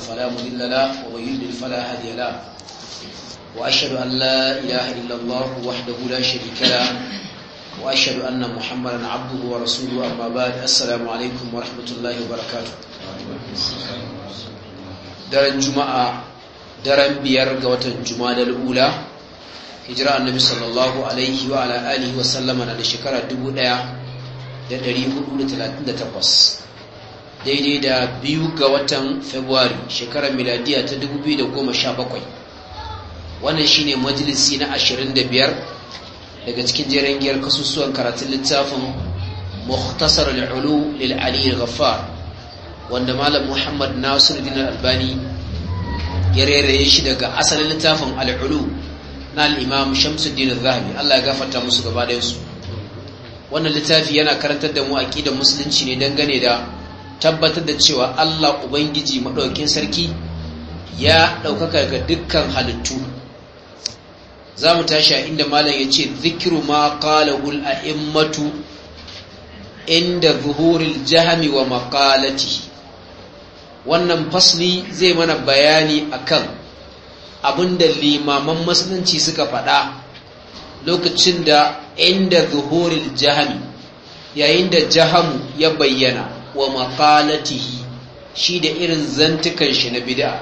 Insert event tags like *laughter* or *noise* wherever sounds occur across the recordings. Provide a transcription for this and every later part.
فلا مضل له ومن يضلل فلا هادي له وأشهد أن لا إله إلا الله وحده لا شريك له وأشهد أن محمدا عبده ورسوله أما بعد السلام عليكم ورحمة الله وبركاته daren juma'a daren biyar ga watan juma'a ula hijira annabi sallallahu alaihi wa ala alihi wa sallama na da shekara 1438 daidai da biyu ga watan Fabrairu shekarar miladiya ta 2017 wannan shine majalisi na 25 daga cikin jerin giyar kasusuwan karatun littafin muhtasar al'ulu lil'ali ghaffar wanda malam muhammad nasiru dinar albani ya shi daga asalin littafin al'ulu na al'imam shamsuddin zahabi allah ya gafarta musu gaba su. wannan littafi yana karantar da mu aƙidar musulunci ne dangane da tabbatar da cewa Allah Ubangiji maɗaukin sarki ya ɗaukaka ga dukkan halittu za mu tashi a inda malam ya ce zikiru ma a a'immatu inda zuhuril jahami wa maqalati wannan fasli zai mana bayani akan abinda limaman musulunci suka faɗa lokacin da inda zuhuril jahami yayin da jahamu ya bayyana wa maqalatihi shi da irin zantukan shi na bid'a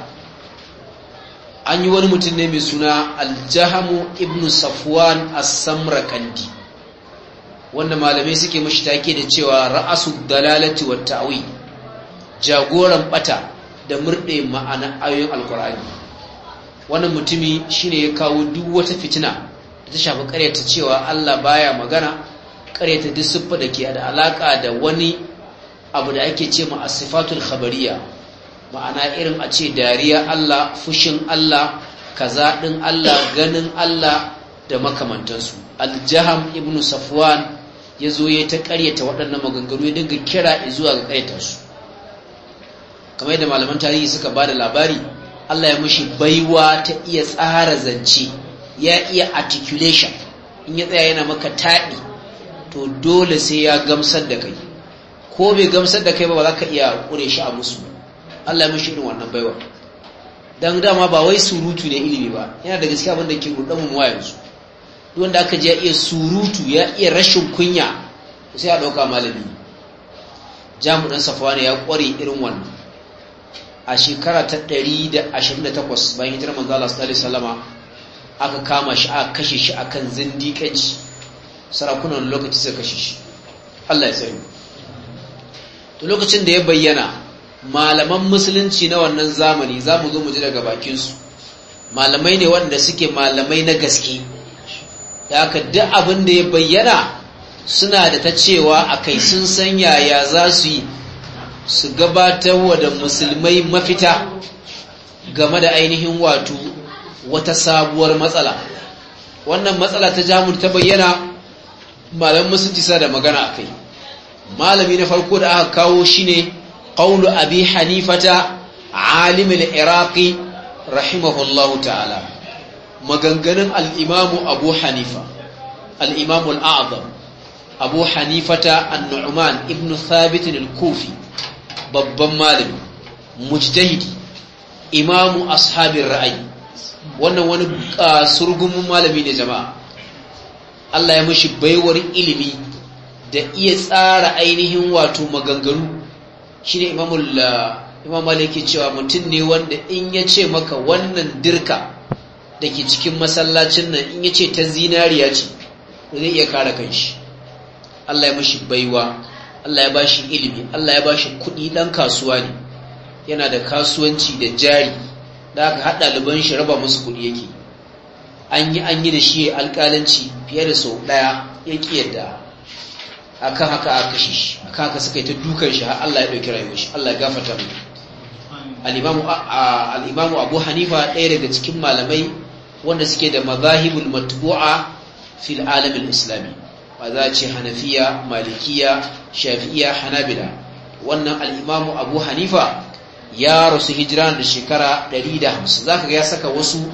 an yi wani mutum ne mai suna aljahamu ibn safwan as Kandi. wanda malamai suke mashi take da cewa ra'asu dalalati wa ta'wi jagoran bata da murde ma'ana ayoyin alkur'ani wannan mutumi shine ya kawo duk wata fitina da ta shafi karyata cewa Allah baya magana karyata duk siffa da ke da alaƙa da wani abu da ake ce ma asifatul khabariya ma'ana irin a ce dariya Allah fushin Allah kaza din Allah ganin Allah da makamantansu aljaham ibnu safwan ya zo ya ta karyata waɗannan maganganu ya dinga kira zuwa ga karyatarsu kamar yadda malaman tarihi suka ba da labari Allah ya mushi baiwa ta iya tsara zance ya iya articulation in ya tsaya yana maka taɗi to dole sai ya gamsar da kai ko bai gamsar da kai ba ba za ka iya ƙure shi a musu Allah ya mishi irin wannan baiwa dan dama ba wai surutu ne ilimi ba yana da gaskiya abin da ke rudan mu yanzu duk wanda aka je ya iya surutu ya iya rashin kunya sai a ɗauka malami jamu dan ne ya ƙware irin wannan a shekara ta 128 bayan hijirar manzo Allah sallallahu alaihi aka kama shi a kashe shi akan zindiƙanci sarakunan lokaci suka kashe shi Allah ya tsare mu to lokacin da ya bayyana malaman musulunci na wannan zamani za mu zo mu ji daga bakinsu malamai ne wanda suke malamai na gaske ya ka duk abin da ya bayyana suna da ta cewa a kai sun san yaya za su yi su gabatar wa da musulmai mafita game da ainihin wato wata sabuwar matsala wannan matsala ta jamus ta bayyana malamin musulunci sa da magana a kai malami na farko da aka kawo shine qawlu abi hanifata alim iraqi rahimahullahu ta'ala maganganun al-imam abu hanifa al-imam al-a'zam abu hanifata an-nu'man ibn thabit al-kufi babban malami mujtahidi imamu ashabin ra'ayi wannan wani ah, surgumin malami ne jama'a Allah ya mashi baiwar ilimi da iya tsara ainihin wato maganganu shi ne uh, imam maliki cewa mutum ne wanda in ya ce maka wannan dirka da ke cikin masallacin nan in ya ce ta zinariya ce zai iya kare kanshi Allah ya mashi baiwa Allah ya bashi ilimi Allah ya ba shi kuɗi ɗan kasuwa ne yana da kasuwanci da jari da aka haɗa liban shi raba musu kuɗi yake an yi an yi da shi alƙalanci fiye da sau ɗaya ya ƙi yadda akan haka aka kashe shi akan haka suka yi ta dukan shi har Allah ya dauki rayuwar shi Allah ya gafarta mai al-imamu al-imamu Abu Hanifa ɗaya daga cikin malamai wanda suke da mazahibul matbu'a fil alamin islami ba za ce hanafiya malikiya shafi'iya hanabila wannan al-imamu Abu Hanifa ya rasu hijira da shekara 150 zaka ga ya saka wasu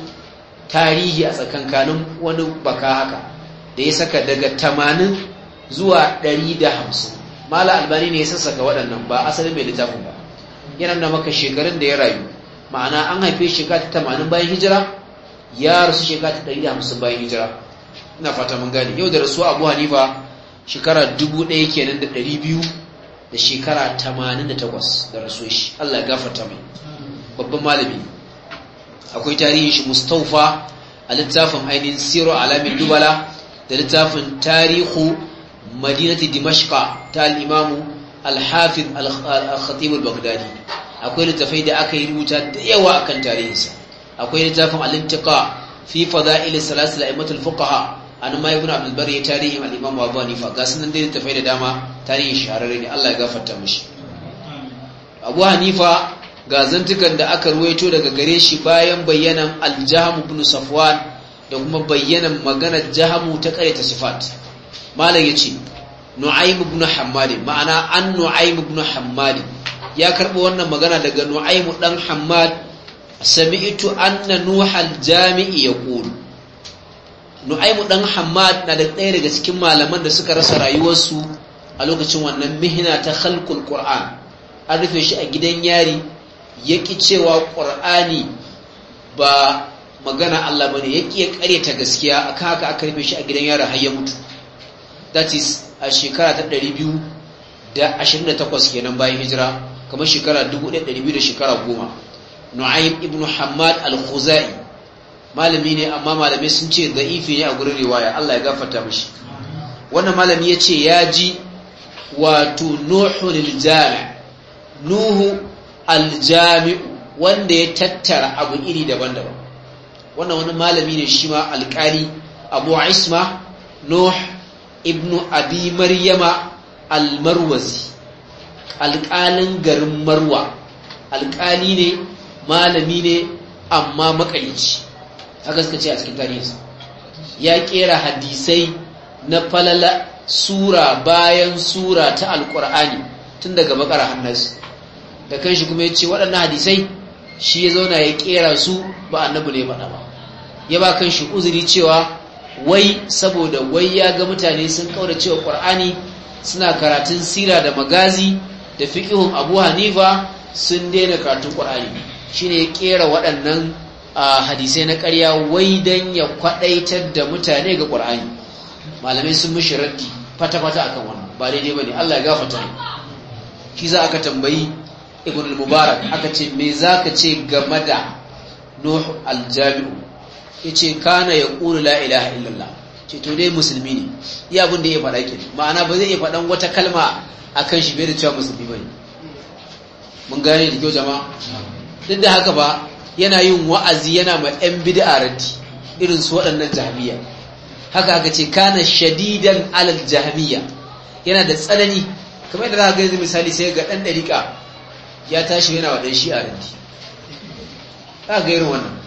tarihi a tsakankanin wani baka haka da ya saka daga 80 zuwa 150 mala albani ne ya sassaka waɗannan ba asalin mai littafin ba yana nuna maka shekarun da ya rayu ma'ana an haife shekara ta 80 bayan hijira ya rasu shekara ta 150 bayan hijira ina fata mun gane yau da rasu abu hanifa shekara 1000 kenan da 200 da shekara 88 da rasu shi Allah ya gafarta mai babban malami akwai tarihin shi mustafa a littafin ainihin siro alamin dubala da littafin tarihu madinati dimashqa ta al-imam al-hafiz al-khatib al-baghdadi akwai littafai da aka yi rubuta da yawa akan tarihinsa akwai littafin al-intiqa fi fada'il salasil a'immatul fuqaha an ma ibn abdul bari tarihin al-imam abu hanifa ga sunan dai littafai da dama tarihin shahararre ne Allah ya gafarta mishi abu hanifa ga zantukan da aka ruwaito daga gare shi bayan bayyanan al-jahm ibn safwan da kuma bayyanan maganar jahamu ta kare ta sifat malam ya ce, nu'aim ibn hammad ma'ana an nu'aim ibn hammad ya karbi wannan magana daga nu'aim dan hammad sami'tu anna al jami'i yaqul nu'aim dan hamad na da ɗaya daga cikin malaman da suka rasa rayuwarsu a lokacin wannan mihina ta khalqul qur'an an rufe shi a gidan yari yaki cewa qur'ani ba magana Allah bane yaki ya karyata gaskiya akan haka aka rufe shi a gidan yari har ya mutu that is a shekara ta 228 kenan bayan hijira kamar shekara 1200 da shekara 10 nu'aym ibn hammad al-khuzai malami ne amma malamai sun ce da'ifi ne a gurin riwaya Allah ya gafarta mishi wannan malami ya ce ya ji wato nuhu al-jami nuhu al-jami wanda ya tattara abu iri daban-daban wannan wani malami ne shi ma alƙali abu isma nuh ibnu abi maryama almarwazi alƙalin garin marwa alƙali ne malami ne amma makalici haka suka ce a cikin tarihinsa ya ƙera hadisai na falala sura bayan sura ta alƙur'ani tun daga bakara hannarsu da kanshi kuma ya ce waɗannan hadisai shi ya zauna ya ƙera su ba annabu ne faɗa ba ya ba kanshi uzuri cewa wai saboda wai ya ga mutane sun kaura cewa ƙur'ani suna karatun sira da magazi da fiƙihun abu hanifa sun daina karatun ƙur'ani shine ya ƙera waɗannan hadisai na ƙarya wai don ya kwaɗaitar da mutane ga ƙur'ani malamai sun mishi raddi fata-fata akan wannan ba daidai ba ne allah ya gafata shi za aka tambayi ibn mubarak aka ce me za ka ce game da nuhu aljami'u yace kana ƙuri la ilaha illallah ce to dai musulmi ne iya abin da ya faɗa ke ma'ana ba zai iya faɗan wata kalma akan shi bai da cewa musulmi bane mun gane da kyau jama? duk da haka ba yana yin wa'azi yana ma yan bid'a raddi irin su waɗannan jahmiya haka aka ce kana shadidan alal jahmiya yana da tsanani kamar yadda za ga yanzu misali sai ga ɗan ɗariƙa ya tashi yana wa ɗan shi'a raddi za ga irin wannan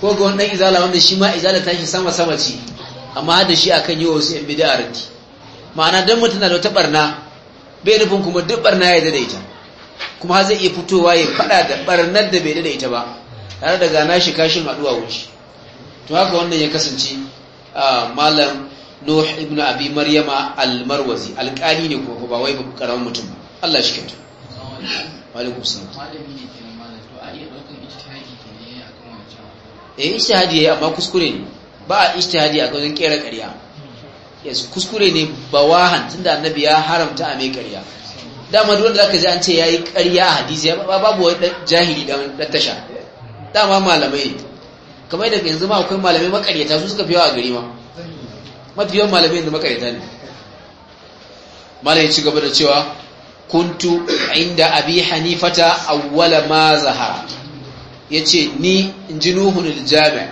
ko ga wani dan izala wanda shi ma izala shi sama sama ce amma da shi akan yi wasu yan a raddi ma'ana dan mutum na da wata ɓarna, bai nufin kuma duk barna ya da ita kuma ha zai iya fitowa ya faɗa da barnar da bai da ita ba tare da gana shi kashin addu'a wuce to haka wannan ya kasance malam Nuh ibn Abi Maryama al-Marwazi alƙali ne kuma ba wai karamin mutum Allah shi kyautu. Wa eh ishtihadi yayi amma kuskure ne ba a ishtihadi a wajen kera ƙarya yes kuskure ne ba tun da annabi ya haramta a mai ƙarya dama duk wanda zaka ji an ce yi ƙarya a hadisi babu wani jahili da tasha dama malamai ne kamar da yanzu ma akwai malamai makaryata su suka fi yawa a gari ma mafi yawan malamai yanzu makaryata ne malamai ci gaba da cewa kuntu inda abi hanifata awwala ma zahara ya ce ni in ji nuhun jami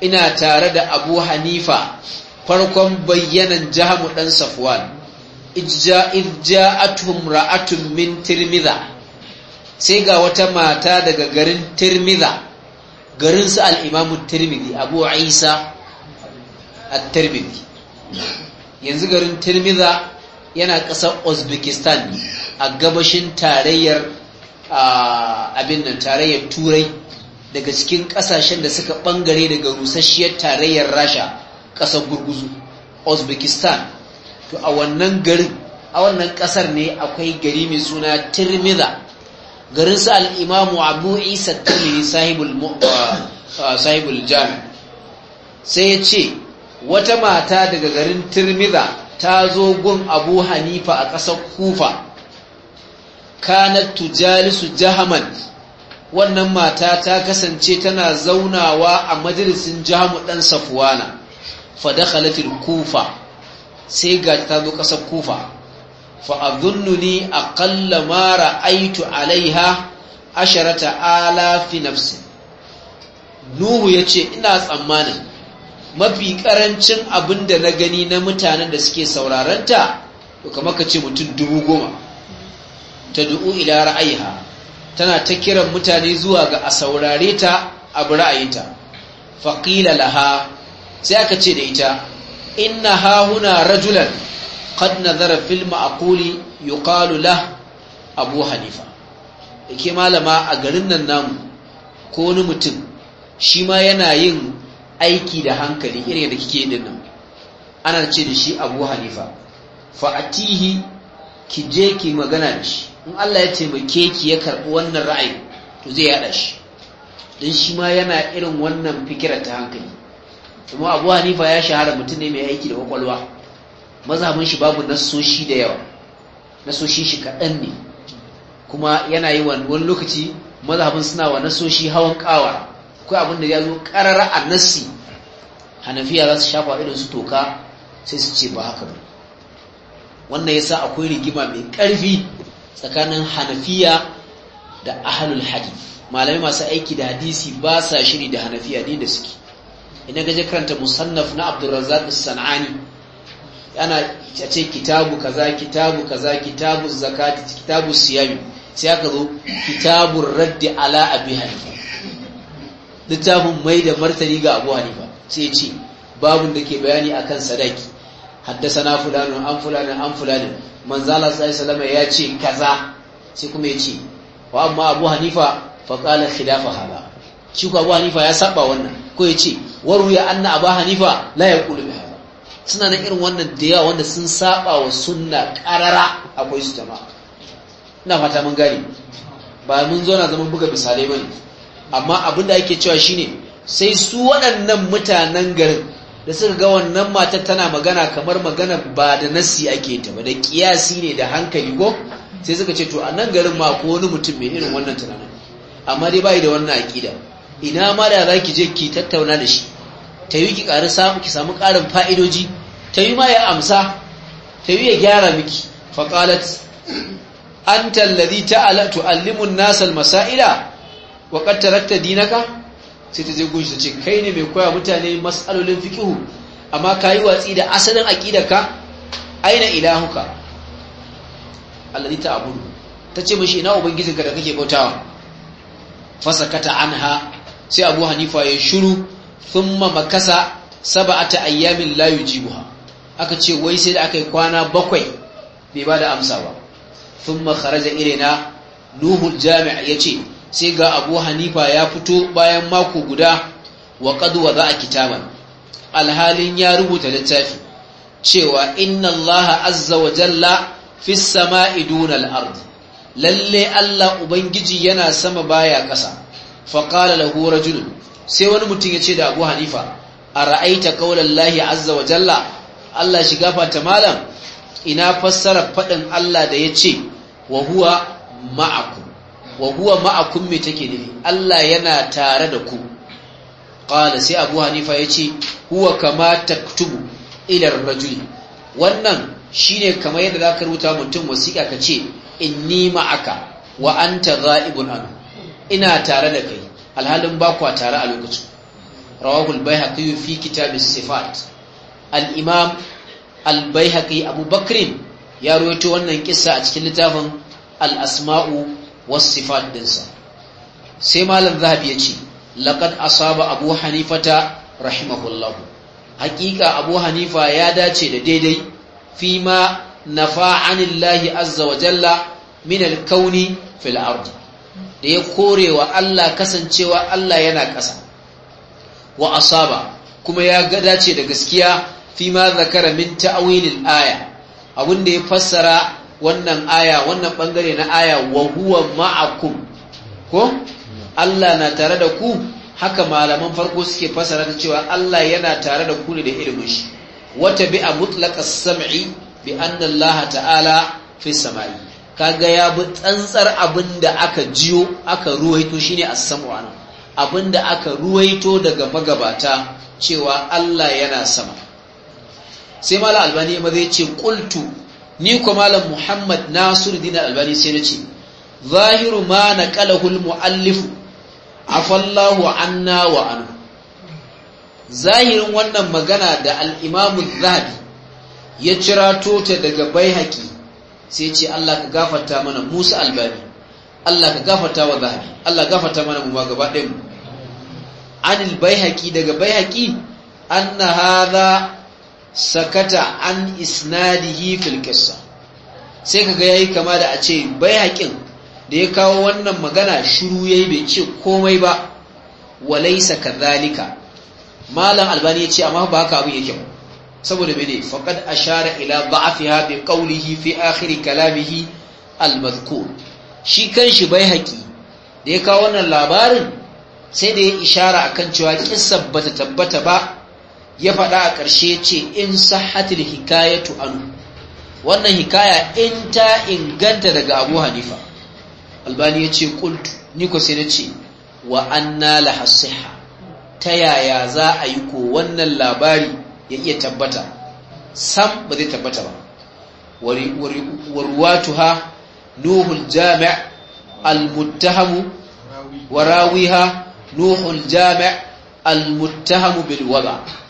ina tare da abu hanifa farkon bayyanan jahamu ɗan safwan ijja'atuhum ra'atun min tirmiza sai ga wata mata daga garin tirmiza garin su al'imamu tirmidi abu isa a tirmidi yanzu garin tirmiza yana ƙasar uzbekistan a gabashin tarayyar abin nan tarayyar turai daga cikin kasashen da suka bangare daga rusasshiyar tarayyar rasha kasar gurguzu uzbekistan to a wannan garin a wannan kasar ne akwai gari mai suna tirmidha garin su Al-Imamu abu isa tirmidhi uh, uh, sahibul jami sai ya ce wata mata daga garin tirmidha ta zo gun abu hanifa a ƙasar kufa kanat tujalisu jahaman wannan mata ta kasance tana zaunawa a majalisin jamu ɗan safuwana fa dakhalatil kufa sai ga ta zo ƙasar kufa fa adhunnuni aqalla ma ra'aytu alaiha asharata alafi nafsi nuhu yace ina tsammanin mafi ƙarancin abin da na gani na mutanen da suke sauraranta to kamar ka ce mutum dubu goma ta du'u ila ra'ayiha tana ta kiran mutane zuwa ga a saurare ta a ra'ayinta faƙila laha sai aka ce da ita inna ha huna rajulan qad nazara fil ma'quli yuqalu lah abu hanifa yake malama a garin nan namu ko wani mutum shi ma yana yin aiki da hankali irin da kike yin nan ana ce da shi abu hanifa fa'atihi ki je ki magana da shi in Allah ya taimake ki ya karɓi wannan ra'ayi to zai yaɗa shi don shi ma yana irin wannan fikira ta hankali kuma abu hanifa ya shahara mutum ne mai aiki da kwakwalwa mazhabin shi babu nasoshi da yawa Nasoshi shi kaɗan ne kuma yana yi wani lokaci mazhabin suna wa nasoshi hawan ƙawa akwai abin da ya zo ƙarara a nassi hanafiya za su shafa irin su toka sai su ce ba haka ba wannan yasa akwai rigima mai ƙarfi tsakanin hanafiya da ahlul hadith malami masu aiki da hadisi ba sa shiri da hanafiya ne da suke Ina gaje karanta musannaf na abdurrazzaq as-sanani yana a ce kitabu kaza kitabu kaza kitabu zakati kitabu siyami sai aka zo kitabu raddi ala abi hanifa littafin mai da martani ga abu hanifa sai ce babun da ke bayani akan sadaki haddasana fulanu an fulani an fulani manzo Allah sallallahu alaihi ya ce kaza sai kuma ya ce wa amma Abu Hanifa fa qala khilafa hada shi ko Abu Hanifa ya saba wannan ko ya ce waru ya anna Abu Hanifa la ya yaqulu bi hada suna nan irin wannan da yawa wanda sun saba wa sunna qarara akwai su jama'a ina fata mun gane ba mun zo na zaman buga misalai bane amma abin da ake cewa shine sai su waɗannan mutanen garin da suka ga wannan matar tana magana kamar magana ba da nasi ake ta ba da kiyasi ne da hankali ko sai suka ce to a nan garin ma ko wani mutum mai irin wannan tunanin amma dai bai da wannan aƙida ina ma da za ki je ki tattauna da shi ta yi ki ƙari samu ki samu ƙarin fa'idoji ta yi ma ya amsa ta yi ya gyara miki faƙalat an tallazi ta'ala tu'allimun nasal masa'ila wa qad tarakta dinaka sai ta je gunshi ta ce kai ne mai koya mutane mas'alolin fikihu amma ka yi watsi da asalin aƙidarka aina ilahuka alladhi abu ta ce mashi ina ubangijinka da kake bautawa fasakata anha sai abu hanifa ya shiru thumma makasa sab'ata ayyamin layu yujibuha aka ce wai sai da aka yi kwana bakwai bai ba da amsa ba thumma kharaja ilaina nuhu jami' yace sai ga abu hanifa ya fito bayan mako guda wa kaduwa za a kitaban alhalin ya rubuta littafi cewa inna Azzawajalla, azza wa jalla fi sama'i lalle Allah ubangiji yana sama baya ƙasa fa qala lahu rajul sai wani mutum ya ce da Abu Hanifa ra'aita qawlan lahi azza wa jalla Allah shiga fata malam ina fassara fadin Allah da ya wa huwa ma'akum wa huwa ma'akum me take nufi Allah yana tare da ku qala sai Abu Hanifa yace huwa kama taktubu ila rajuli wannan shine kamar yadda zaka rubuta mutum wasiƙa kace ce inni ma'aka wa anta za'ibun an ina tare da kai alhalin ba kwa tare a lokacin rawahul bayhaqi fi kitab sifat al-imam al-bayhaqi Abu ya rawaito wannan kissa a cikin littafin al-asma'u wasifat dinsa sai malam zahabi ya ce laqad asaba abu hanifata rahimahullah haƙiƙa abu hanifa ya dace da daidai fi ma nafa anillahi azza wa jalla min alkauni fil da ya korewa Allah kasancewa Allah yana ƙasa wa asaba kuma ya ga dace da gaskiya fi ma zakara min ta'awilil aya abinda ya fassara wannan aya wannan bangare na aya wa huwa ma'akum ko Allah na tare da ku haka malaman farko suke fasara ta cewa Allah yana tare da ku ne da ilimin shi wata bi bi'a mutlaqas sam'i bi anna Allah ta'ala fi samai kaga ya bi tsantsar abinda aka jiyo aka ruwaito shine as-sam'u ana abinda aka ruwaito daga magabata cewa Allah yana sama sai mala albani ma zai ce qultu ni ko malam muhammad nasiruddin albani sai nace zahiru ma naqalahu almuallif afallahu anna wa anhu zahirin wannan magana da al zahabi ya jira tote daga bai haƙi, sai ce Allah ka gafarta mana Musa albani Allah ka gafarta wa zahabi Allah gafarta mana mu ma gaba ɗayan mu anil haƙi daga bai an anna hadha sakata an isnadihi fil qissa sai kaga yayi kama da a ce bai haƙin da ya kawo wannan magana shiru yayi bai ce komai ba walaysa kadhalika malam albani ya ce amma ba haka kyau. yake ba saboda mene faqad ashara ila da'afiha bi qawlihi fi akhir kalamihi al-madhkur shi kanshi bai haƙi da ya kawo wannan labarin sai da ya ishara akan cewa kissa bata tabbata ba ya faɗa a ƙarshe ce in sahatil hikayatu anu wannan hikaya in ta inganta daga abu hanifa albani ya ce kultu ni ko sai na ce wa anna lahasiha ta yaya za a yi ko wannan labari ya iya tabbata sam ba zai tabbata ba warwatuha nuhul jami' al-muttahamu nuhul jami' al-muttahamu bil wada'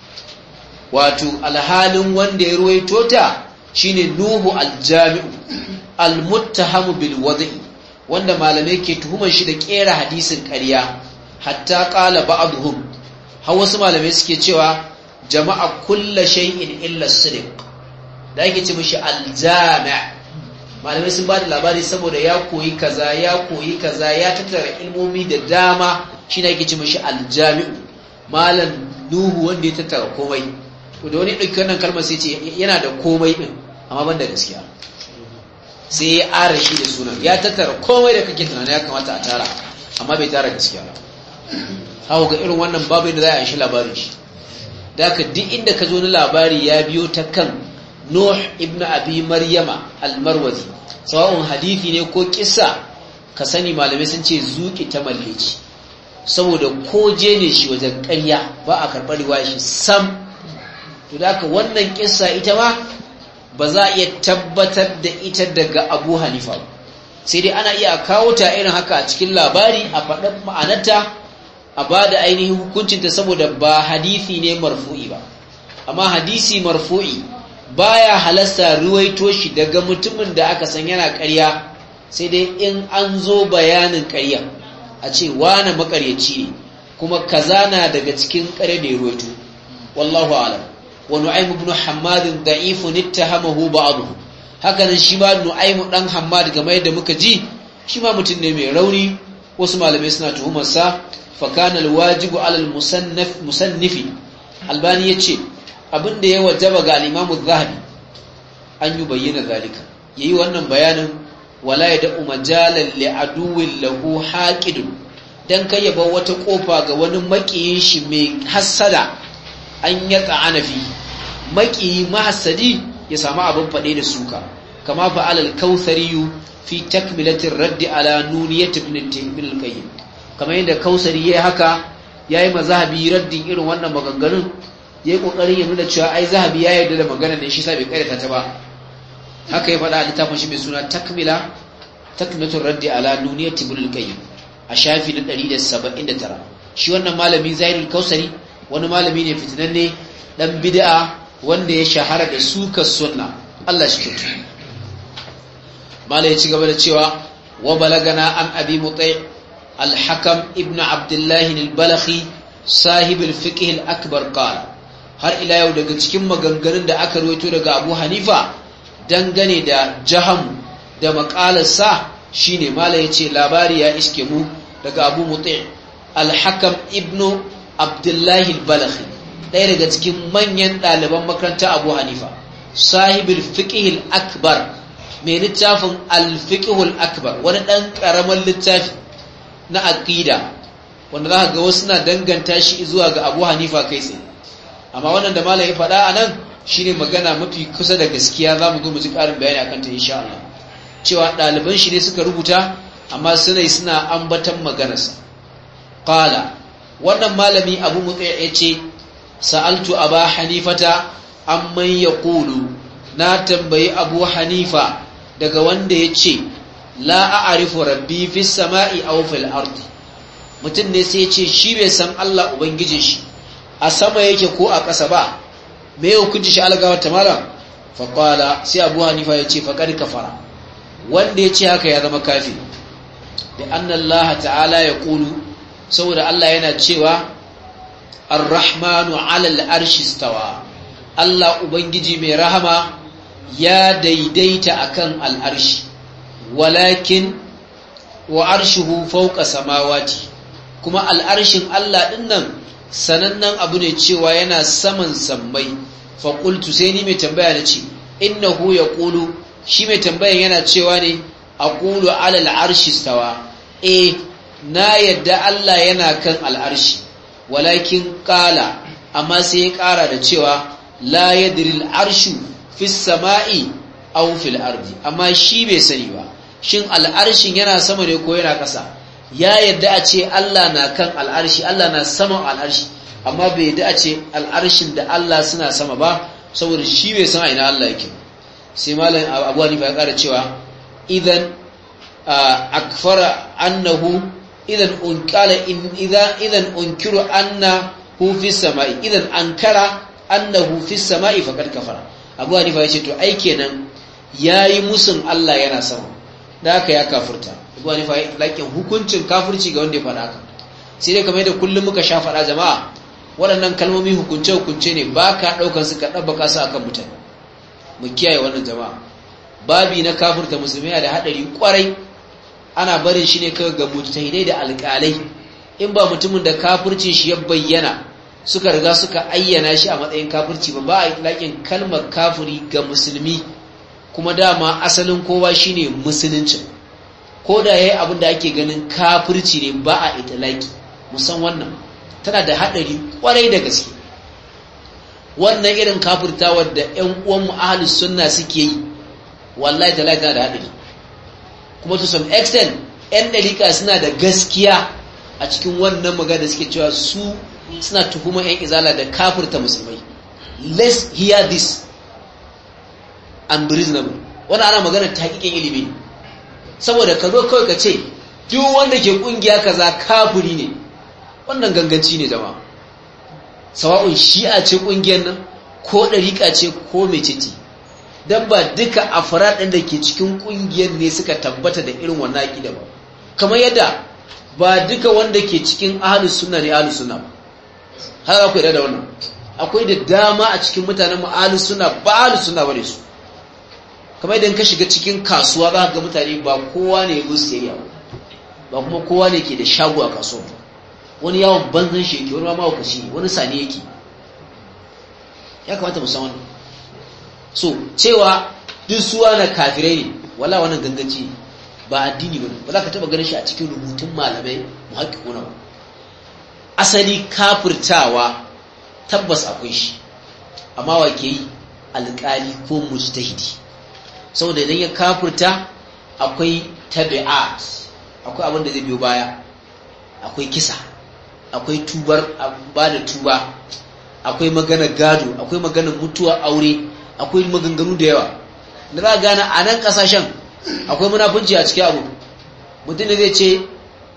wato alhalin wanda ya ruwaito ta shine nuhu aljami'u almuttahamu bil wad'i wanda malamai ke tuhumar shi da kera hadisin ƙarya hatta qala ba'dhum har wasu malamai suke cewa jama'a kulla shay'in illa sidq da yake ce mishi aljami' malamai sun ba da labari saboda ya koyi kaza ya koyi kaza ya tattara ilmomi da dama shine yake ce mishi aljami'u malam nuhu wanda ya tattara komai da wani ɗaukar nan kalmar sai ce yana da komai ɗin amma ban da gaskiya sai ya ara shi da sunan ya tattara komai da kake tunanin ya kamata a tara amma bai tara gaskiya ba hau ga irin wannan babu yadda za a shi labarin shi da ka duk inda ka zo na labari ya biyo ta kan nuh ibn abi maryama almarwazi sawa'un hadithi ne ko kissa ka sani malamai sun ce zuki ta malleci saboda ko je ne shi wajen ƙarya ba a karɓar riwaya shi sam to da haka wannan kissa ita ma ba za a iya tabbatar da ita daga abu hanifa sai dai ana iya kawo ta irin haka a cikin labari a faɗin ma'anarta a ba da ainihin hukuncinta saboda ba hadisi ne marfu'i ba amma hadisi marfu'i baya halasta ruwaito shi daga mutumin da aka san yana karya. sai dai in an zo bayanin karya, a ce wane makaryaci ne kuma kaza na daga cikin ƙarya da ya ruwaito wallahu alam wa nu'aym ibn hammad da'if nittahamahu ba'dahu haka nan shi ma nu'aym dan hammad game da muka ji shi ma mutum ne mai rauni wasu malamai suna tuhumar sa fa kana alwajibu ala almusannaf musannifi albani yace abinda ya wajaba ga al-imam az-zahabi an yi bayyana zalika yayi wannan bayanin wala ya da'u majalan li aduwil lahu haqidun dan kai ya bar wata kofa ga wani makiyin shi mai hassada an ya ƙa'ana fi maƙiyi mahassadi ya samu abin faɗe da suka kama fa'alal kautsariyu fi takmilatin raddi ala nuniyat ibn al-qayyim kamar yadda kausari yayi haka yayi mazahabi raddin irin wannan maganganun yayi kokarin ya nuna cewa ai zahabi ya yarda da maganar da shi sa bai kairata ta ba haka ya faɗa a littafin shi mai suna takmila raddi ala nuniyat ibn al a shafi na 179 shi wannan malami zahirul kausari wani malami ne fitinanne dan bid'a wanda ya shahara da suka sunna Allah shi kyautu mala ya ci gaba da cewa wa balagana an abi mutai al-hakam ibn abdullahi al balahi sahib al-fiqh al-akbar qala har ila yau daga cikin maganganun da aka ruwaito daga Abu Hanifa dangane da Jaham da sa shine mala yace labari ya iske mu daga Abu Muti al-Hakam ibn abdullahi balakhi ɗaya daga cikin manyan ɗaliban makarantar abu hanifa sahibul fiqhil akbar mai littafin al akbar wani ɗan ƙaramin littafi na aqida wanda za ga wasu na danganta shi zuwa ga abu hanifa kai tsaye amma wannan da malam ya faɗa a nan shine magana mafi kusa da gaskiya za mu zo mu ji ƙarin bayani akan ta insha Allah cewa ɗaliban shi ne suka rubuta amma suna suna ambatan maganarsa qala wannan malami abu mutsa ya ce sa'altu aba hanifata amman ya kulu na tambayi abu hanifa daga wanda ya ce la a'arifu rabbi fi sama'i aw fil ardi mutum ne sai ya ce shi bai san Allah ubangijin shi a sama yake ko a ƙasa ba me ya hukunci shi algawa ta malam fa qala sai abu hanifa ya ce fa kad kafara wanda ya ce haka ya zama kafin. da anna Allah ta'ala ya kulu saboda Allah yana cewa ar-rahmanu 'alal arshi stawa Allah ubangiji mai rahama ya daidaita akan al'arshi walakin wa arshuhu fawqa samawati kuma al'arshin Allah din nan sanannen abu ne cewa yana saman sammai fa sai ni mai tambaya na ce innahu yaqulu shi mai tambayan yana cewa ne aqulu 'alal arshi stawa eh na yadda Allah yana kan al'arshi walakin ƙala amma sai ya ƙara da cewa la yadril arshu fi sama'i a fil ardi amma shi bai sani ba shin al'arshin yana sama ne ko yana ƙasa ya yadda a ce Allah na kan al'arshi Allah na sama al'arshi amma bai yadda a ce al'arshin da Allah suna sama ba saboda shi bai san ina Allah yake sai malam Abu Hanifa ya cewa idan akfara annahu idan unkala idan unkiru anna hu fi sama'i idan ankara annahu fi sama'i faqad kafara abu hanifa yace to ai kenan yayi musun Allah yana sama da haka ya kafurta abu hanifa lakin hukuncin kafirci ga wanda ya faɗa haka sai dai kamar da kullum muka sha faɗa jama'a waɗannan kalmomi hukunce hukunce ne ba ka ɗaukar su ka ɗabbaka su akan mutane mu kiyaye wannan jama'a babi na kafurta musulmi da haɗari kwarai. ana barin shi ne kawai ga mutahidai da alƙalai in ba mutumin da kafirci shi ya bayyana suka riga suka ayyana shi a matsayin kafirci ba ba a laƙin kalmar kafiri ga musulmi kuma dama asalin kowa shine musuluncin ko da ya yi abin da ake ganin kafirci ne ba a itilaki musan wannan tana da haɗari kwarai da gaske wannan irin kafirtawar da 'yan uwan mu sunna suke yi wallahi talaka da haɗari kuma to some extent 'yan ɗarika suna da gaskiya a cikin wannan magana suke cewa su suna tuhuma 'yan izala da kafirta musulmai let's hear this unreasonable wani ana magana ta hakikin ilimi saboda ka zo kawai ka ce duk wanda ke kungiya kaza kafiri ne wannan ganganci ne jama'a sawa'un shi'a ce ƙungiyar nan ko ɗarika ce ko mai ceci. Don ba duka a ɗin da ke cikin ƙungiyar ne suka tabbata da irin wannan aƙida ba kamar yadda ba duka wanda ke cikin ahalu suna ne ahalu suna ba har akwai da wannan akwai da dama a cikin mutanen mu ahalu suna ba suna ba ne su kamar idan ka shiga cikin kasuwa za ka ga mutane ba kowa ne ya gusa yayi ba kuma kowa ne ke da shago a kasuwa wani yawon banzan shi yake wani ma mahaukaci wani sani yake ya kamata mu san wannan so cewa duk suwa na kafirai ne wala wannan ganganci ba addini ba ba za ka taba ganin shi a cikin rubutun malamai mu kuna ba asali kafirtawa tabbas akwai shi amma wa ke yi alƙali ko mujtahidi saboda idan ya kafirta akwai tabi'a akwai abin da zai biyo baya akwai kisa akwai tubar ba da tuba akwai magana gado akwai magana mutuwa aure akwai maganganu da yawa da za a gane a nan kasashen akwai munafunci a cikin abu mutum ne zai ce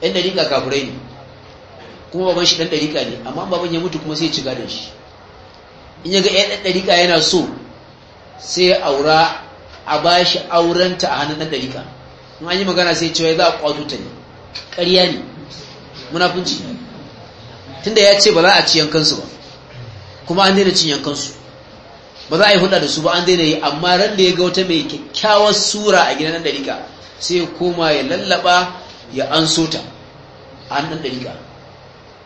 yan dariƙa kafurai ne kuma baban shi dan dariƙa ne amma baban ya mutu kuma sai ci gadon shi in ya ga yan dariƙa yana so sai aura a ba shi aurenta a hannun dan dariƙa in an yi magana sai cewa za a kwato ta ne ƙarya ne munafunci tunda ya ce ba za a ci yankansu ba kuma an daina cin yankansu ba za a yi hulɗa da su ba an daina yi amma ran da ya ga wata mai kyakkyawar sura a gidan ɗarika sai ya koma ya lallaba ya an sota a ɗan ɗarika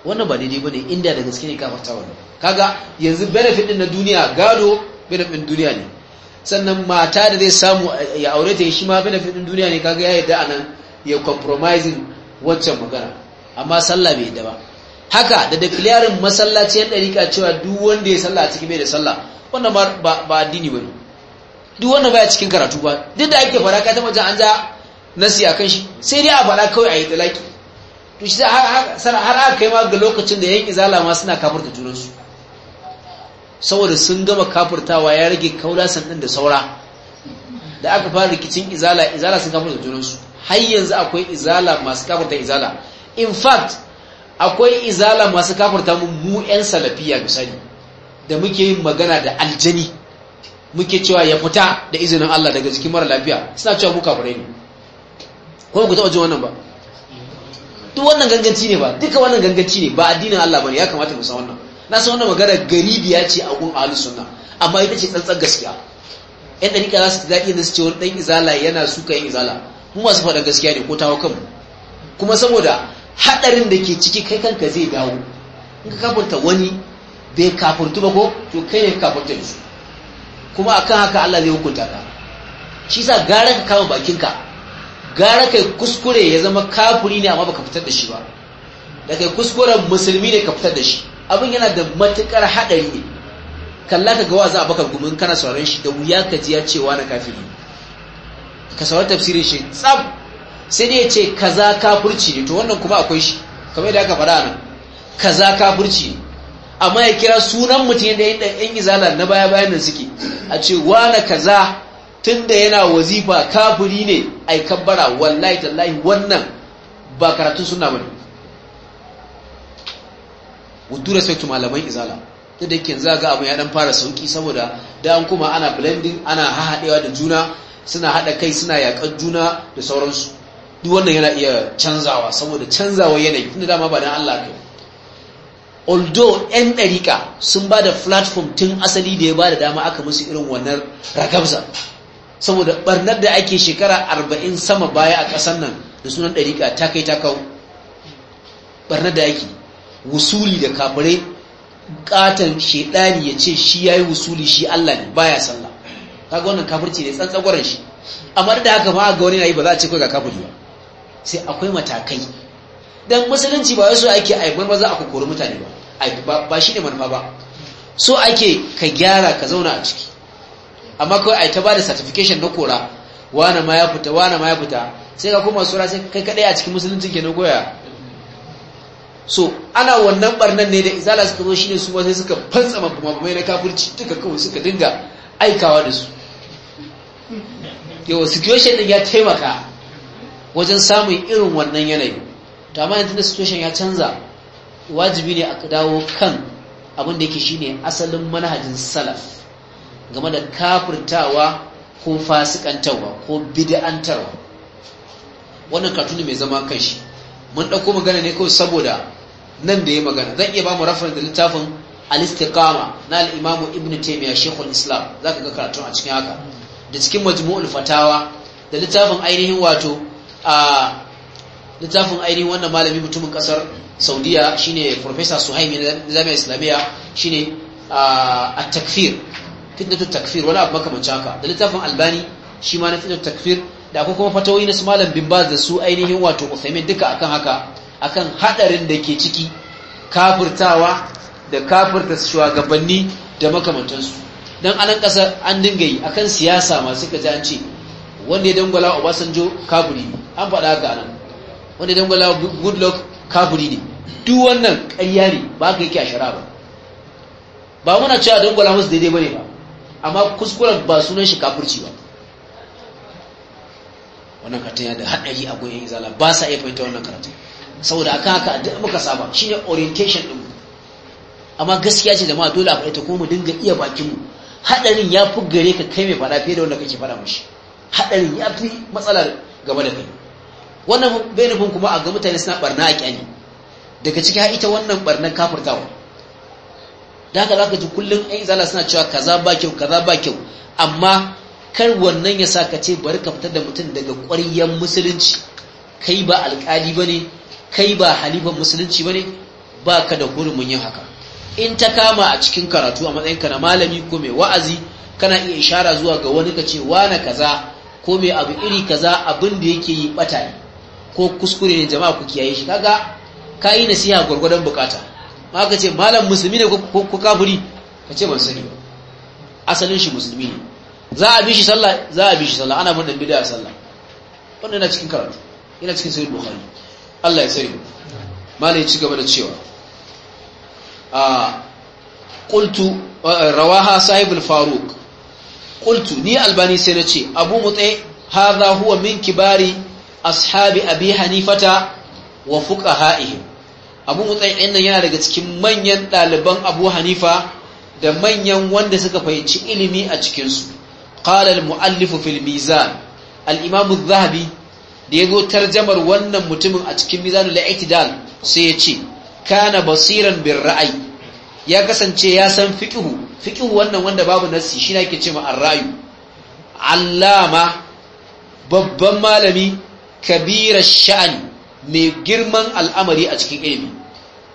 wannan ba daidai ba ne inda da gaske ne ka fata wannan kaga yanzu benefit ɗin na duniya gado benefit duniya ne sannan mata da zai samu ya aure ta shi ma benefit ɗin duniya ne kaga ya yadda a nan ya compromising wancan magana amma sallah bai yadda ba haka da declaring masallaci ɗarika cewa duk wanda ya sallah a cikin bai da sallah wannan ba addini ba ne duk wanda baya cikin karatu ba duk da yake fara ka taba an ja nasi akan shi sai dai a fara kawai a yi talaki to shi har aka kai ma ga lokacin da yan izala ma suna juran junansu saboda sun gama kafirtawa ya rage kaula din da saura da aka fara rikicin izala izala sun juran junansu har yanzu akwai izala masu da izala in fact akwai izala masu kafirta mu mu yan salafiya misali da muke yin magana da aljani muke cewa ya fita da izinin Allah daga jikin mara lafiya suna cewa muka kafirai ne kuma ku taɓa jin wannan ba duk wannan ganganci ne ba duka wannan ganganci ne ba addinin Allah bane ya kamata mu san wannan na san wannan magana garibiya ce a gun ahlus sunna amma ita ce tsantsan gaskiya yan dalika za su daɗi da su ce wani ɗan izala yana suka yin izala mu masu faɗa gaskiya ne ko tawo kan kuma saboda haɗarin da ke ciki kai kanka zai dawo in ka kafarta wani bai kafurtu ba ko to kai ne kafurta da su kuma akan haka Allah zai hukunta ka shi sa gara ka kama bakinka gara kai kuskure ya zama kafuri ne amma baka fitar da shi ba da kai kuskuren musulmi ne ka fitar da shi abin yana da matukar haɗari ne kalla ka ga wa za a baka gumin kana sauraron shi da wuya ka ji ya ce wani kafiri ka sauran tafsirin shi tsab sai dai ya ce kaza kafurci ne to wannan kuma akwai shi kamar yadda aka faɗa nan kaza kafurci ne amma ya kira sunan mutum da yan izala na baya bayan na suke a ce wane kaza tunda yana wazifa kafuri ne ai kabbara wallahi tallahi wannan ba karatun sunna bane da sai malaman izala da dake yanzu ga abu ya dan fara sauki saboda da an kuma ana blending ana haɗewa da juna suna haɗa kai suna yaƙar juna da sauransu duk wannan yana iya canzawa saboda canzawa yanayi tunda dama ba dan Allah kai although 'yan ɗarika sun ba da platform tun asali da ya ba da dama aka musu irin wannan ragamsa, saboda barnar da ake shekara arba'in sama baya a ƙasar nan da sunan ɗarika ta kai ta kawo barnar da ake wusuli da kafirai ƙatan shaidani ya ce shi ya yi wusuli shi allah ne baya sallah ga wannan kafirci ne tsantsagwaran shi amma da haka ma ga wani ba za a ce kai ga kafiri ba sai akwai matakai dan musulunci ba wasu ake aibar ba za a kori mutane ba ba shi ne manufa ba so ake ka gyara ka zauna a ciki amma kawai a ta ba da certification na kora wane ma ya fita wane ma ya fita sai ka koma sura sai kai kadai a cikin musuluncin ke na goya so ana wannan barnan ne da izala suka zo shine su ba sai suka fantsa mabumabumai na kafirci duka kawai suka dinga aikawa da su yawa situation din ya taimaka wajen samun irin wannan yanayi to amma yanzu da situation ya canza wajibi ne a dawo kan abin da yake shine asalin manhajin salaf game da kafirtawa ko fasikantarwa ko bid'antarwa wannan katuni mai zama kanshi mun ɗauko magana ne kawai saboda nan da ya magana zan iya ba mu rafarin da littafin al-istiqama na al-imamu ibnu taymiya shaykhul islam zaka ga karatun a cikin haka da cikin majmu'ul fatawa da littafin ainihin wato a littafin ainihin wannan malami mutumin kasar saudiya shine professor suhaimi na jami'ar islamiyya shine a ah, takfir fitnatu takfir wani abu makamancin da littafin albani shi ma na fitnatu takfir da akwai kuma fatawoyi na su malam bin baz da su ainihin wato usaimin duka akan haka akan hadarin da ke ciki kafirtawa da kafirta shugabanni da makamantansu dan anan kasar an dinga yi akan siyasa masu suka ji an ce wanda ya dangwala Obasanjo kafiri an faɗa ga nan wanda ya dangwala Goodluck kafiri ne duk wannan ƙarya ne ba ka yake a shara ba ba muna cewa don gwala musu daidai ba ne ba amma kuskuren ba sunan shi kafurci ba wannan karatun yana da haɗari a goyon izala ba sa iya fahimta wannan karatun saboda akan haka duk muka saba shine orientation ɗin amma gaskiya ce jama'a dole a fahimta kuma mu dinga iya bakinmu haɗarin ya fi gare ka kai mai fada fiye da wanda kake fada mashi haɗarin ya fi matsala gaba da kai wannan bai nufin kuma a ga mutane suna barna a kyani daga ciki ita wannan barnar kafirtawa da haka ka ji kullum ai zala suna cewa kaza ba kyau kaza ba kyau amma kar wannan ya sa ka ce bari ka fitar da mutum daga ƙwaryen musulunci kai ba alƙali bane kai ba halifan musulunci ba ne, ba ka da hurumin yin haka in ta kama a cikin karatu a matsayinka na malami ko mai wa'azi kana iya ishara zuwa ga wani ka ce wane kaza ko mai abu iri kaza abin da yake yi bata ko kuskure ne jama'a ku kiyaye shi kaga ka yi nasiha gwargwadon bukata ma ka ce malam musulmi ne ko kafiri ka ce ban sani ba asalin shi musulmi ne za a bi shi sallah za a bi shi sallah ana murnan bid'a sallah wannan yana cikin karatu yana cikin sahih bukhari Allah ya sani malai ci gaba da cewa a qultu rawaha sahib al-faruq qultu ni albani sai na ce abu mutse hadha huwa min kibari ashabi abi hanifata wa fuqahaihim abu mutsayin nan yana daga cikin manyan ɗaliban abu hanifa da manyan wanda suka fahimci ilimi a cikinsu ƙalar mu'allifu fil mizan al'imamu zahabi da ya zo tarjamar wannan mutumin a cikin mizanul i'tidal sai ya ce kana basiran bin ra'ayi ya kasance ya san fiƙihu fiƙihu wannan wanda babu Nasi shi na ke ce ma rayu allama babban malami kabirar sha'ani mai girman al'amari a cikin ilimi